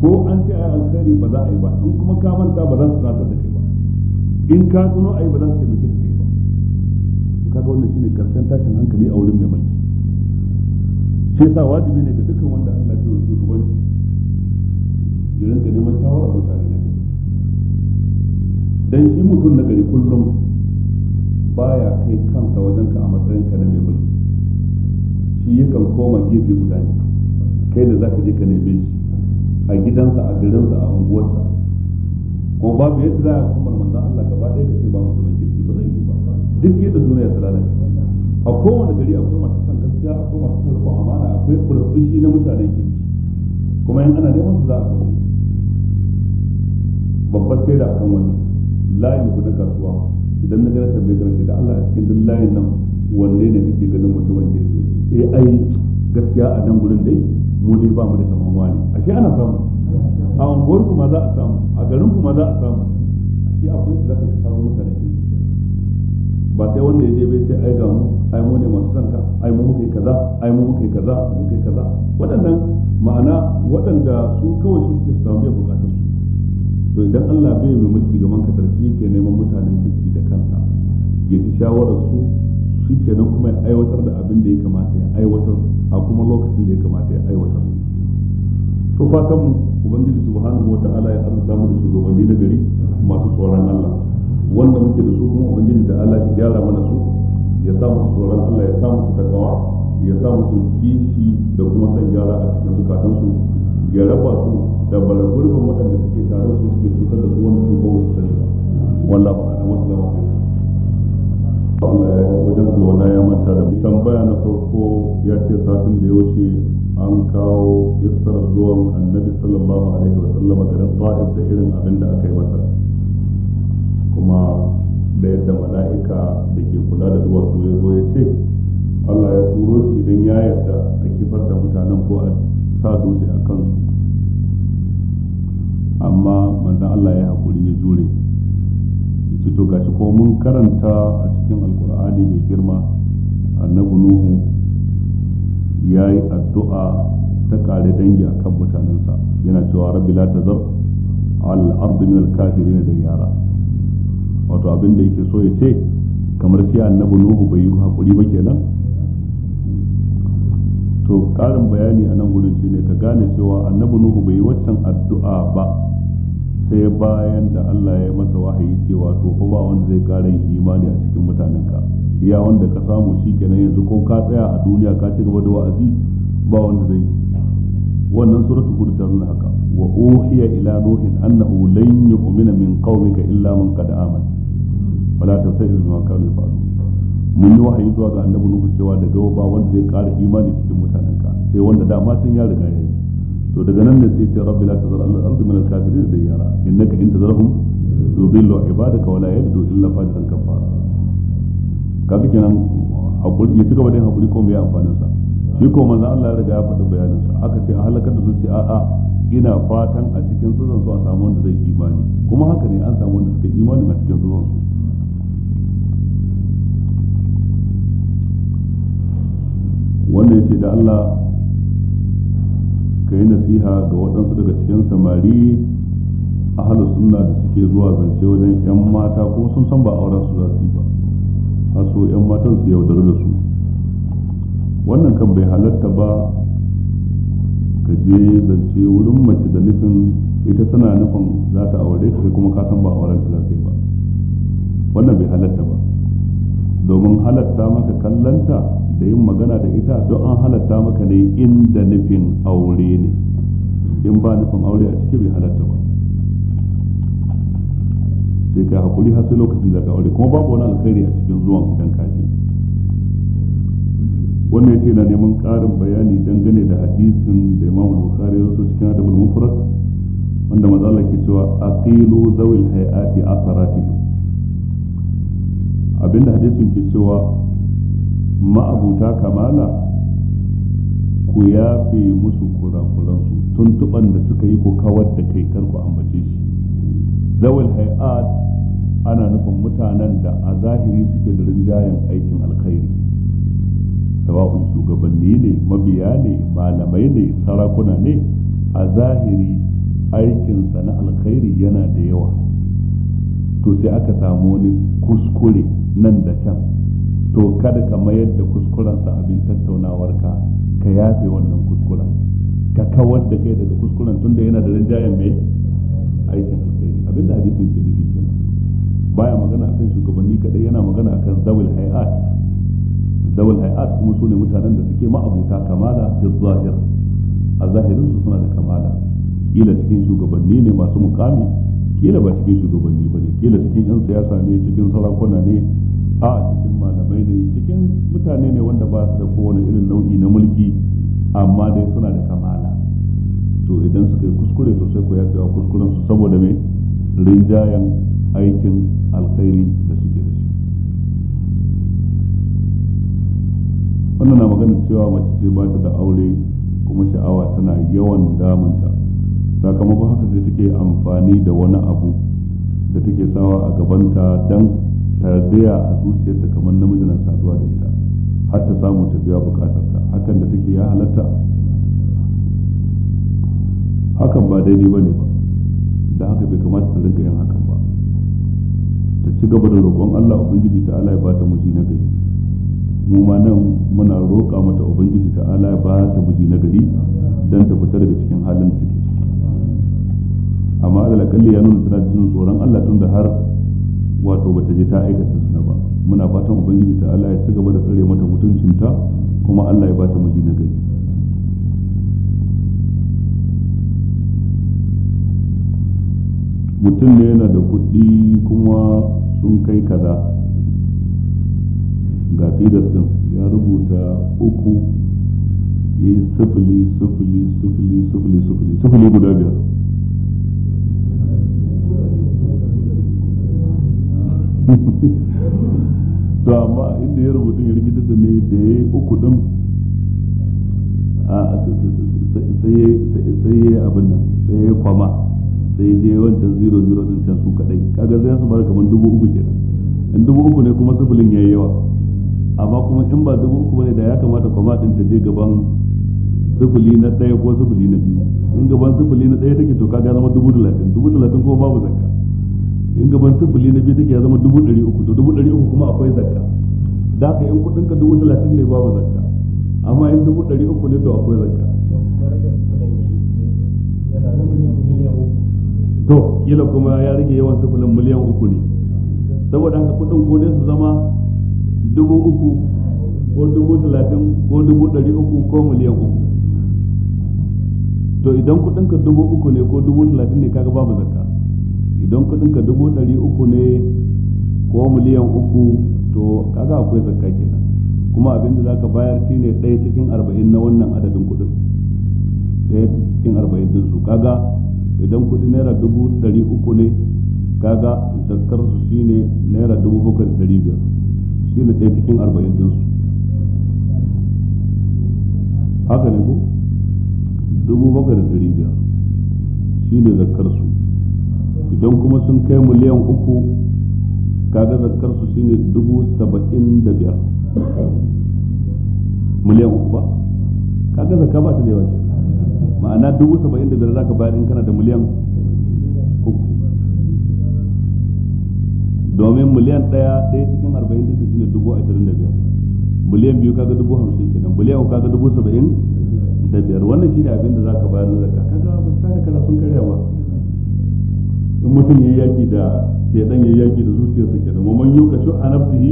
ko an ce ai alkhairi ba za a yi ba in kuma ka manta ba za su zartar da kai ba in ka tuno ai ba za su taimake kaga wannan shine karshen tashin hankali a wurin mai mulki shi yasa wajibi ne ga dukkan wanda Allah ya yi shugabanci ya rinka neman shawara mutane ne dan shi mutum na gari kullum baya kai kansa wajen ka a matsayin ka na mai mulki shi yakan koma gefe guda ne kai da zaka je ka neme shi a gidansa a garinsa a unguwarsa kuma babu yadda za a kuma manzon Allah gaba ɗaya ka ce ba mutumin kirki ba zai yi ba duk yadda duniya ta lalace a kowane gari akwai masu son gaskiya akwai masu son rikon amana akwai burbushi na mutanen kirki kuma yan ana neman su za a samu babbar shaida akan wannan layin ku na kasuwa idan na gana tambaye kana da Allah a cikin duk layin nan wanne ne kake ganin mutumin kirki eh ai gaskiya a nan gurin dai mu dai ba mu da kaman wani ashe ana samu a unguwar kuma za a samu a garin kuma za a samu ashe akwai da za ka samu mutanen kirki ba sai wanda ya je bai sai ai ga mu ai mu ne masu sanka ai mu muke kaza ai mu muke kaza mu muke kaza waɗannan ma'ana waɗanda su kawai su suke samu biyan bukatar su to idan Allah bai mai mulki ga manka kadar yake neman mutanen kirki da kansa ya ci shawarar su shi kenan kuma ya aiwatar da abin da ya kamata ya aiwatar a kuma lokacin da ya kamata ya aiwatar to fatan mu ubangiji subhanahu wata'ala ya arzuta mu da shugabanni na gari masu tsoron Allah wanda muke da su kuma ubangiji da Allah shi gyara mana su ya sa musu tsoron Allah ya sa musu takawa ya sa musu kishi da kuma san gyara a cikin zukatan su ya raba su da balagurban waɗanda suke tare su suke cutar da su wanda su ba su sani ba wallahi ba'ala wasu alaikum Allah ya wajen alwala ya manta da baya na farko ya ce satin da ya wuce an kawo kissar zuwan annabi sallallahu alaihi wa sallama garin ta'if da irin abin da aka yi masa kuma da yadda mala'ika da ke kula da duwatsu ya zo ya ce Allah ya turo shi idan ya yarda a kifar da mutanen ko a sa dutse a kansu amma manzan Allah ya haƙuri ya jure yace to gashi ko mun karanta a cikin alkur'ani mai girma annabi nuhu ya yi addu'a ta kare dangi a kan mutanensa yana cewa rabbi la tazar al ardi min al kafirin da yara wato abin da yake so ya ce kamar shi annabi nuhu bai yi hakuri ba kenan to karin bayani a nan gudun shine ka gane cewa annabi nuhu bai yi waccan addu'a ba sai bayan da Allah ya masa wahayi cewa to fa ba wanda zai ƙara yin imani a cikin mutanenka iya wanda ka samu shi kenan yanzu ko ka tsaya a duniya ka ci gaba da wa'azi ba wanda zai wannan suratul hud ta nuna haka wa uhiya ila nuhin annahu lan yu'mina min qaumika illa man qad amana wala ta sai izma kanu yafalu mun yi wahayi zuwa ga annabi nuhu cewa daga ba wanda zai ƙara imani cikin mutanen ka sai wanda dama sun ya riga yayi to daga nan ne sai ce rabbi la tazar al ardi min al kafirin da yara innaka in tazarhum yudillu ibadaka wala yabdu illa fajiran kafara kaga kenan hakuri ya ci gaba da hakuri ko me amfanin sa shi ko manzo Allah ya riga ya faɗi bayanin sa aka ce a halakar da zuci a'a ina fatan a cikin tsuzan su a samu wanda zai imani kuma haka ne an samu wanda suka imani a cikin tsuzan su wanda ya ce da Allah ka yi nasiha ga waɗansu daga cikin samari ahalu sunna da suke zuwa zance wajen 'yan mata ko sun san ba auren su za su yi ba har so 'yan matan su yaudar da su wannan kan bai halatta ba ka je zance wurin mace da nufin ita tana nufin za ta aure ka kuma ka san ba auren ta za ta yi ba wannan bai halatta ba domin halatta maka kallanta da yin magana da ita don an halatta maka ne inda nufin aure ne in ba nufin aure a ciki bai halatta ba sai ka hakuri har sai lokacin da ka aure kuma babu wani alkhairi a cikin zuwan idan ka je wannan yace na neman ƙarin bayani dangane da hadisin da Imam Bukhari ya cikin Adabul Mufrad wanda manzo Allah ke cewa aqilu zawil hayati asaratihim abinda hadisin ke cewa ma'abuta kamala ku yafe musu kurakuransu tuntuban da suka yi ko kawar da kai karku ku ambace shi zawal hay'at ana nufin mutanen da a zahiri suke da rinjayen aikin alkhairi sawa'un shugabanni ne mabiya ne malamai ne sarakuna ne a zahiri aikinsa na alkhairi yana da yawa to sai aka samu wani kuskure nan da can to kada ka mayar da kuskurensa abin tattaunawar ka yafe wannan kuskuren ka kawar da kai daga kuskuren tunda yana da rinjayen mai aikin alkhairi da hadisin ke nufi kenan baya magana akan shugabanni kadai yana magana akan zawil hay'at zawil hay'at kuma sune mutanen da suke ma'abuta kamala fi zahir a zahirin su suna da kamala kila cikin shugabanni ne masu mukami kila ba cikin shugabanni ba ne kila cikin 'yan siyasa ne cikin sarakuna ne a cikin malamai ne cikin mutane ne wanda ba su da kowane irin nau'i na mulki amma dai suna da kamala to idan suka yi kuskure to sai ku yafe wa kuskuren su saboda me rinjayen aikin alkhairi da suke da shi wannan na magana cewa mace ce ba ta da aure kuma sha'awa tana yawan damunta sakamakon haka sai take amfani da wani abu da take sawa a gabanta dan tardaya a zuciyarta kamar namiji na saduwa da ita har ta samu ta biya bukatarta hakan da take ya halatta hakan ba daidai ba ne ba da haka bai kamata ta rinka yin hakan ba ta ci gaba da roƙon Allah ubangiji ta Allah ya ta miji na gari mu ma nan muna roƙa mata ubangiji ta Allah ya ta miji na gari dan ta fita daga cikin halin da take amma alal ya nuna tana cikin tsoron Allah tun da har wato bata je ta aikata suna ba muna fatan ubangiji ta Allah ya ci gaba da tsare mata mutuncinta kuma Allah ya ba ta miji na gari mutum ne yana da kuɗi kuma sun kai kaza ga fidas din ya rubuta uku ya yi sufuli sufuli sufuli sufuli sufuli guda biyar to amma inda ya rubutu ya rikitar da ne da ya yi uku din sai ya yi abin nan sai ya yi kwama sai ya je wancan zero zero din can su kadai kaga zai su bar kamar dubu uku kenan in dubu uku ne kuma sifilin ya yi yawa amma kuma in ba dubu uku ne da ya kamata kwama din ta je gaban sifili na ɗaya ko sifili na biyu in gaban sifili na ɗaya take to kaga zama dubu talatin dubu talatin kuma babu zakka in gaban sifili na biyu take ya zama dubu ɗari uku to dubu ɗari uku kuma akwai zakka da ka in kuɗinka dubu talatin ne babu zakka amma in dubu ɗari uku ne to akwai zakka to kila kuma ya rage yawan sifilin miliyan uku ne saboda haka kuɗin ko dai su zama dubu uku ko dubu talatin ko dubu ɗari uku ko miliyan uku to idan kuɗinka dubu uku ne ko dubu talatin ne kaga babu zakka idan kudin ka dubu ɗari uku ne ko miliyan uku to kaga akwai zakka kenan kuma abin da zaka bayar shine ɗaya cikin arba'in na wannan adadin kudin ɗaya cikin arba'in din su kaga idan kudi naira dubu ɗari uku ne kaga zakkar su shine naira dubu bakwai da ɗari biyar shine ɗaya cikin arba'in din su haka ne ko dubu bakwai da ɗari biyar shine zakkar su idan kuma sun kai miliyan uku kaga zakar su shine dubu saba'in da biyar miliyan uku ba kaga zakka ba ta da yawa ma'ana dubu saba'in da biyar zaka bayar in kana da miliyan uku domin miliyan ɗaya ɗaya cikin arba'in da shine dubu ashirin da biyar miliyan biyu kaga dubu hamsin kenan miliyan uku kaga dubu saba'in da biyar wannan shine abin da zaka bayar na zakka kaga ba ta kana sun karya ba in mutum ya yaki da shaidan ya yaki da zuciyarsa kenan wa man yuka shu nafsihi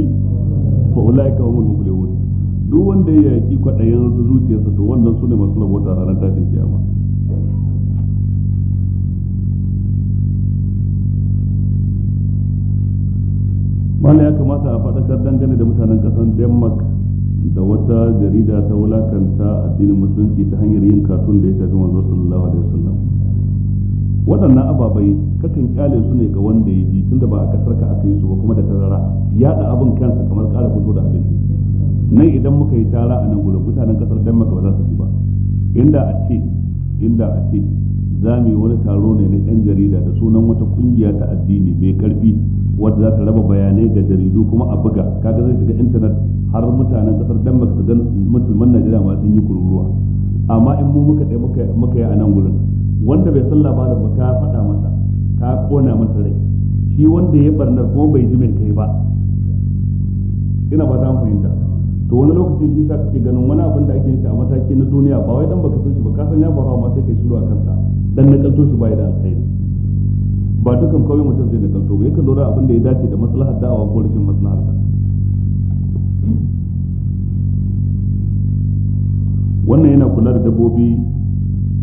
ka ulaika kule wuce duk wanda ya yaki kwaɗayen zuciyarsa to wannan su ne masu rabota ranar tashin kiyama wannan ya kamata a faɗakar dangane da mutanen ƙasar denmark da wata jarida ta wulakanta addinin musulunci ta hanyar yin katun da ya shafi manzo sallallahu alaihi wasallam waɗannan ababai kakan kyale su ne ga wanda ya ji tunda ba a kasar ka aka yi su ba kuma da tazara yaɗa abin kansa kamar ƙara fito da abin nan idan muka yi tara a nan gurin mutanen kasar denmark ba za su ji ba inda a ce inda a ce za mu yi wani taro ne na 'yan jarida da sunan wata kungiya ta addini mai karfi wadda za ta raba bayanai ga jaridu kuma a buga kaga zai shiga intanet har mutanen kasar denmark su gan musulman najeriya ma sun yi kururuwa amma in mu muka muka yi a nan gurin wanda bai sallah ba ba ka faɗa masa ka kona masa rai shi wanda ya barna ko bai ji mai kai ba ina ba ta fahimta to wani lokaci shi sa kake ganin wani abin da ake shi a mataki na duniya ba wai dan baka san shi ba ka san ya faru amma sai kai shiru a kansa dan na kanto shi bai da alkhairi ba dukan kawai mutum zai na kanto ba yakan lura abin da ya dace da maslahar da'awa ko rashin maslahar ta wannan yana kula da dabbobi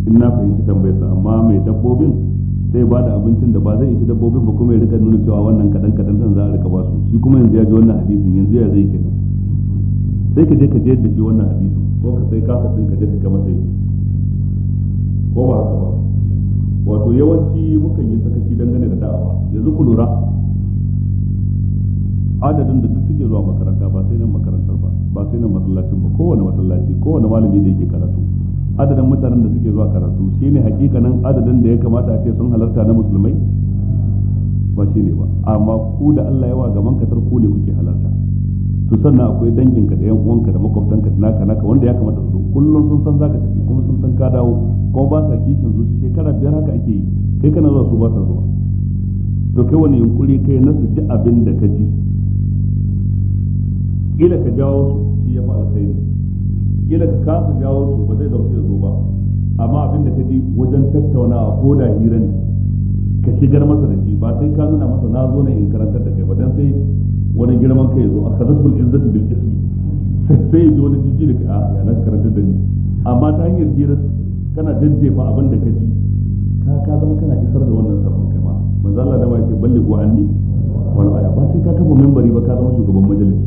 in na fahimci tambayar sa amma mai dabbobin sai ba da abincin da ba zai ishi dabbobin ba kuma ya rika nuna cewa wannan kadan kadan zan za a rika ba su shi kuma yanzu ya ji wannan hadisin yanzu ya zai kenan sai ka je ka je da shi wannan hadisin ko ka sai kasa din ka je ka ga masa ko ba haka ba wato yawanci mukan yi sakaci dangane da da'awa yanzu ku lura adadin da duk suke zuwa makaranta ba sai nan makarantar ba ba sai nan masallacin ba kowane masallaci kowane malami da yake karatu adadin mutanen da suke zuwa karatu shine hakikanin adadin da ya kamata a ce sun halarta na musulmai ba shine ba amma ku da Allah yawa gaban katar ku ne kuke halarta to sannan akwai danginka da yan uwanka da makwabtanka da naka naka wanda ya kamata su kullum sun san zaka tafi kuma sun san ka dawo kuma ba sa kishin zuci shekara biyar haka ake yi kai kana zuwa su ba sa zuwa to kai wani yunkuri kai na su ji abin da ka ji kila ka jawo su shi ya fa alkhairi kila ka kasa jawo su ba zai zama zo ba amma abin da ka ji wajen tattaunawa ko da hira ne ka shigar masa da shi ba sai ka nuna masa na zo ne in karantar da kai ba dan sai wani girman kai zo akhazatul izzatu bil ismi sai zo wani jiji da ka a ah, ya karantar da ni amma ta hanyar hira kana jajjefa abin da ka ji ka ka zama kana isar da wannan sabon kai ma manzo Allah da ma yace ballighu anni wala aya ba sai ka kafa membari ba ka zama shugaban majalisi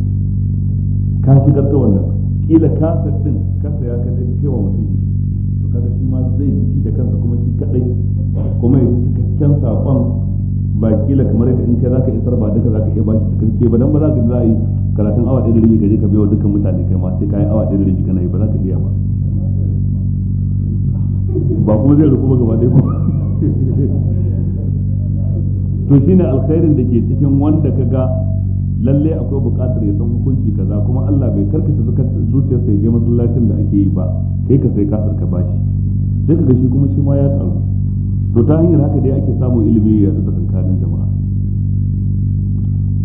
ka shigar ta wannan kila kasar din kasa ya kaje kewa mutum to kaga shi ma zai ci da kansa kuma shi kadai kuma ya ci cikakken sakon ba kila kamar yadda in kai zaka isar ba duka zaka iya bashi cikakke ba dan ba za ka za yi karatun awa ɗaya da rabi ka je ka biya wa dukkan mutane kai ma sai ka yi awa ɗaya da rabi kana yi ba za ka iya ba ba kuma zai rufu ba gaba ɗaya ba to shine alkhairin da ke cikin wanda ka ga lalle akwai buƙatar ya san hukunci kaza kuma Allah bai karkata zuciyar sai je masallacin da ake yi ba kai ka sai kasar ka bashi sai kaga shi kuma shi ma ya karu to ta hanyar haka dai ake samun ilimi ya da tsakankanin jama'a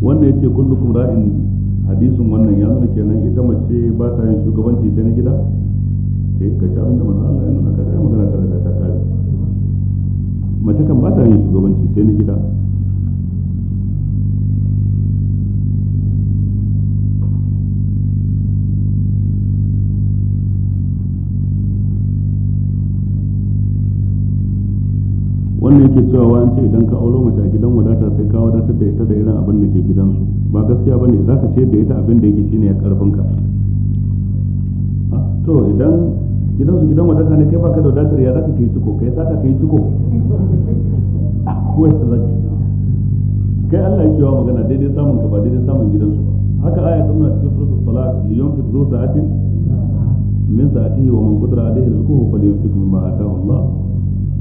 wannan yace kullukum ra'in hadisin wannan ya nuna kenan ita mace ba ta yin shugabanci sai na gida sai ka ci abin da manzo Allah ya nuna ka kai magana ta da ta kare mace kan ba ta yin shugabanci sai na gida wannan yake cewa wa ce idan ka aure mace a gidan wadata sai ka wadatar da ita da irin abin da ke gidansu ba gaskiya bane ka ce da ita abin da yake shine ya karfin ka ah, to idan gidansu gidan wadata ne kai baka da wadatar ya zaka kai ciko kai sata kai ciko akwai da zaka kai Allah yake wa magana daidai samun ka ba daidai samun gidansu ba haka aya ta nuna cikin suratul salat liyunfiq zu sa'atin min sa'atihi wa man qadara alayhi rizquhu falyunfiq mimma ataahu Allah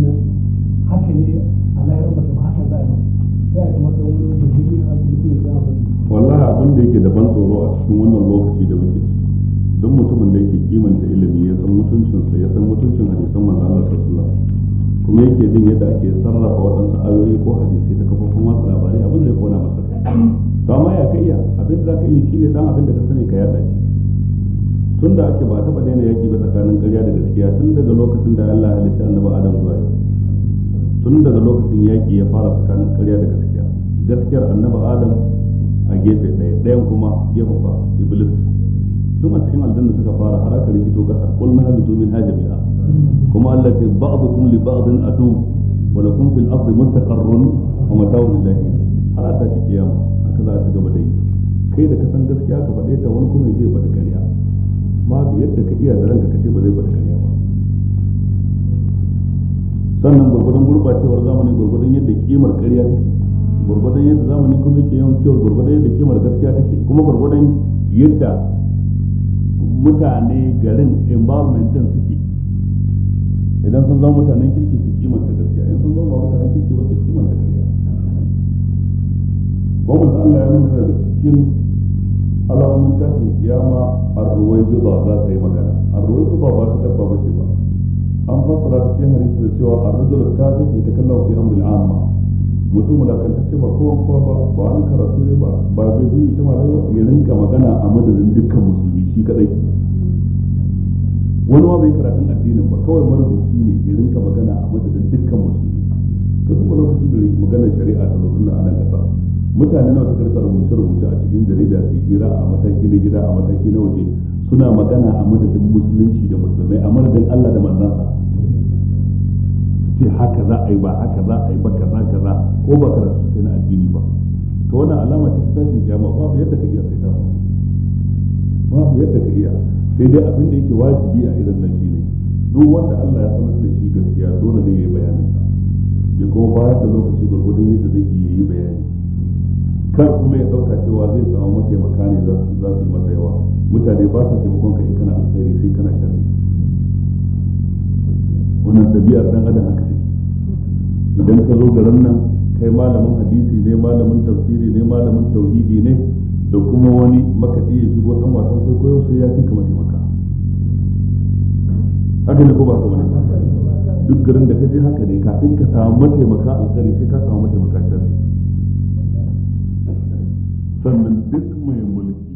din haka ne Allah ya rubuta ba haka za a yi sai a kuma tsawon wani bujiri a cikin ya zama wallahi abin da yake daban tsoro a cikin wannan lokaci da muke ciki don mutumin da yake kimanta ilimi ya san mutuncinsa ya san mutuncin hadisan manzon Allah sallallahu kuma yake jin yadda ake sarrafa waɗansu ayoyi ko hadisi ta kafofin watsa labarai abin da ya kona masa to amma ya ka iya abin da za ka iya shine dan abin da ka sani ka yada shi tun da ake ba taɓa daina yaƙi ba tsakanin ƙarya da gaskiya tun daga lokacin da Allah ya halicci annabi Adam zuwa yau tun daga lokacin yaƙi ya fara tsakanin ƙarya da gaskiya gaskiyar annabi Adam a gefe ɗaya ɗayan kuma gefe ba Iblis tun a cikin aljanna suka fara har aka rikito ƙasa qul nahbitu min hajami'a kuma Allah ce ba'dukum li ba'din adu wa lakum fil ardi mustaqarrun wa mata'un ilahi har ta ci kiyama haka za a ci gaba da yi kai da ka san gaskiya ka faɗe ta wani kuma ya je faɗi ƙarya babu yadda ka iya da ranka kace ba zai bada kariya ba sannan gwargwadon gurbacewar zamani gwargwadon yadda kimar kariya take gwargwadon yadda zamani kuma yake yawan kyau gwargwadon yadda kimar gaskiya take kuma gwargwadon yadda mutane garin environment din suke idan sun zama mutanen kirki su kimanta gaskiya in sun zama mutanen kirki ba su kimanta kariya gwamnati Allah ya nuna daga cikin alamomin tashin kiyama arruwai biza za ta yi magana arruwai biza ba ta dabba ba ce ba an fassara ta cikin hadisi da cewa arrujul kafir ya takallama fi amril amma mutum da kanta ce ba kowa kowa ba ba wani karatu ne ba ba bai bi ita ba ya rinka magana a madadin dukkan musulmi shi kadai wani ma bai karatun addinin ba kawai marubuci ne ya rinka magana a madadin dukkan musulmi ka duba lokacin da magana shari'a ta zo a nan kasa mutane nawa suka rika rubuce rubuce a cikin jarida su hira a mataki na gida a mataki na waje suna magana a madadin musulunci da musulmai a madadin Allah da manzansa ce haka za a yi ba haka za a yi ba kaza kaza ko ba karatu kai na addini ba to wannan alama ce ta tashin kiyama babu yadda ka iya sai ta babu yadda ka iya sai dai abin da yake wajibi a irin nan shine duk wanda Allah ya sanar da shi gaskiya dole ne ya yi bayanin ya kuma bayar da lokaci gurgudun yadda zai iya yi bayani kan kuma ya dauka cewa zai samu mataimaka ne za su yi masa yawa mutane ba su taimakon ka in kana alkhairi sai kana sharri wannan ɗabi'ar dan adam haka take idan ka zo garin nan kai malamin hadisi ne malamin tafsiri ne malamin tauhidi ne da kuma wani makaɗi ya shigo dan wasan kwaikwayo sai ya fi ka mataimaka haka ne ko ba ka wani duk garin da ka je haka ne kafin ka samu mataimaka alkhairi sai ka samu mataimaka sharri sannan duk mai mulki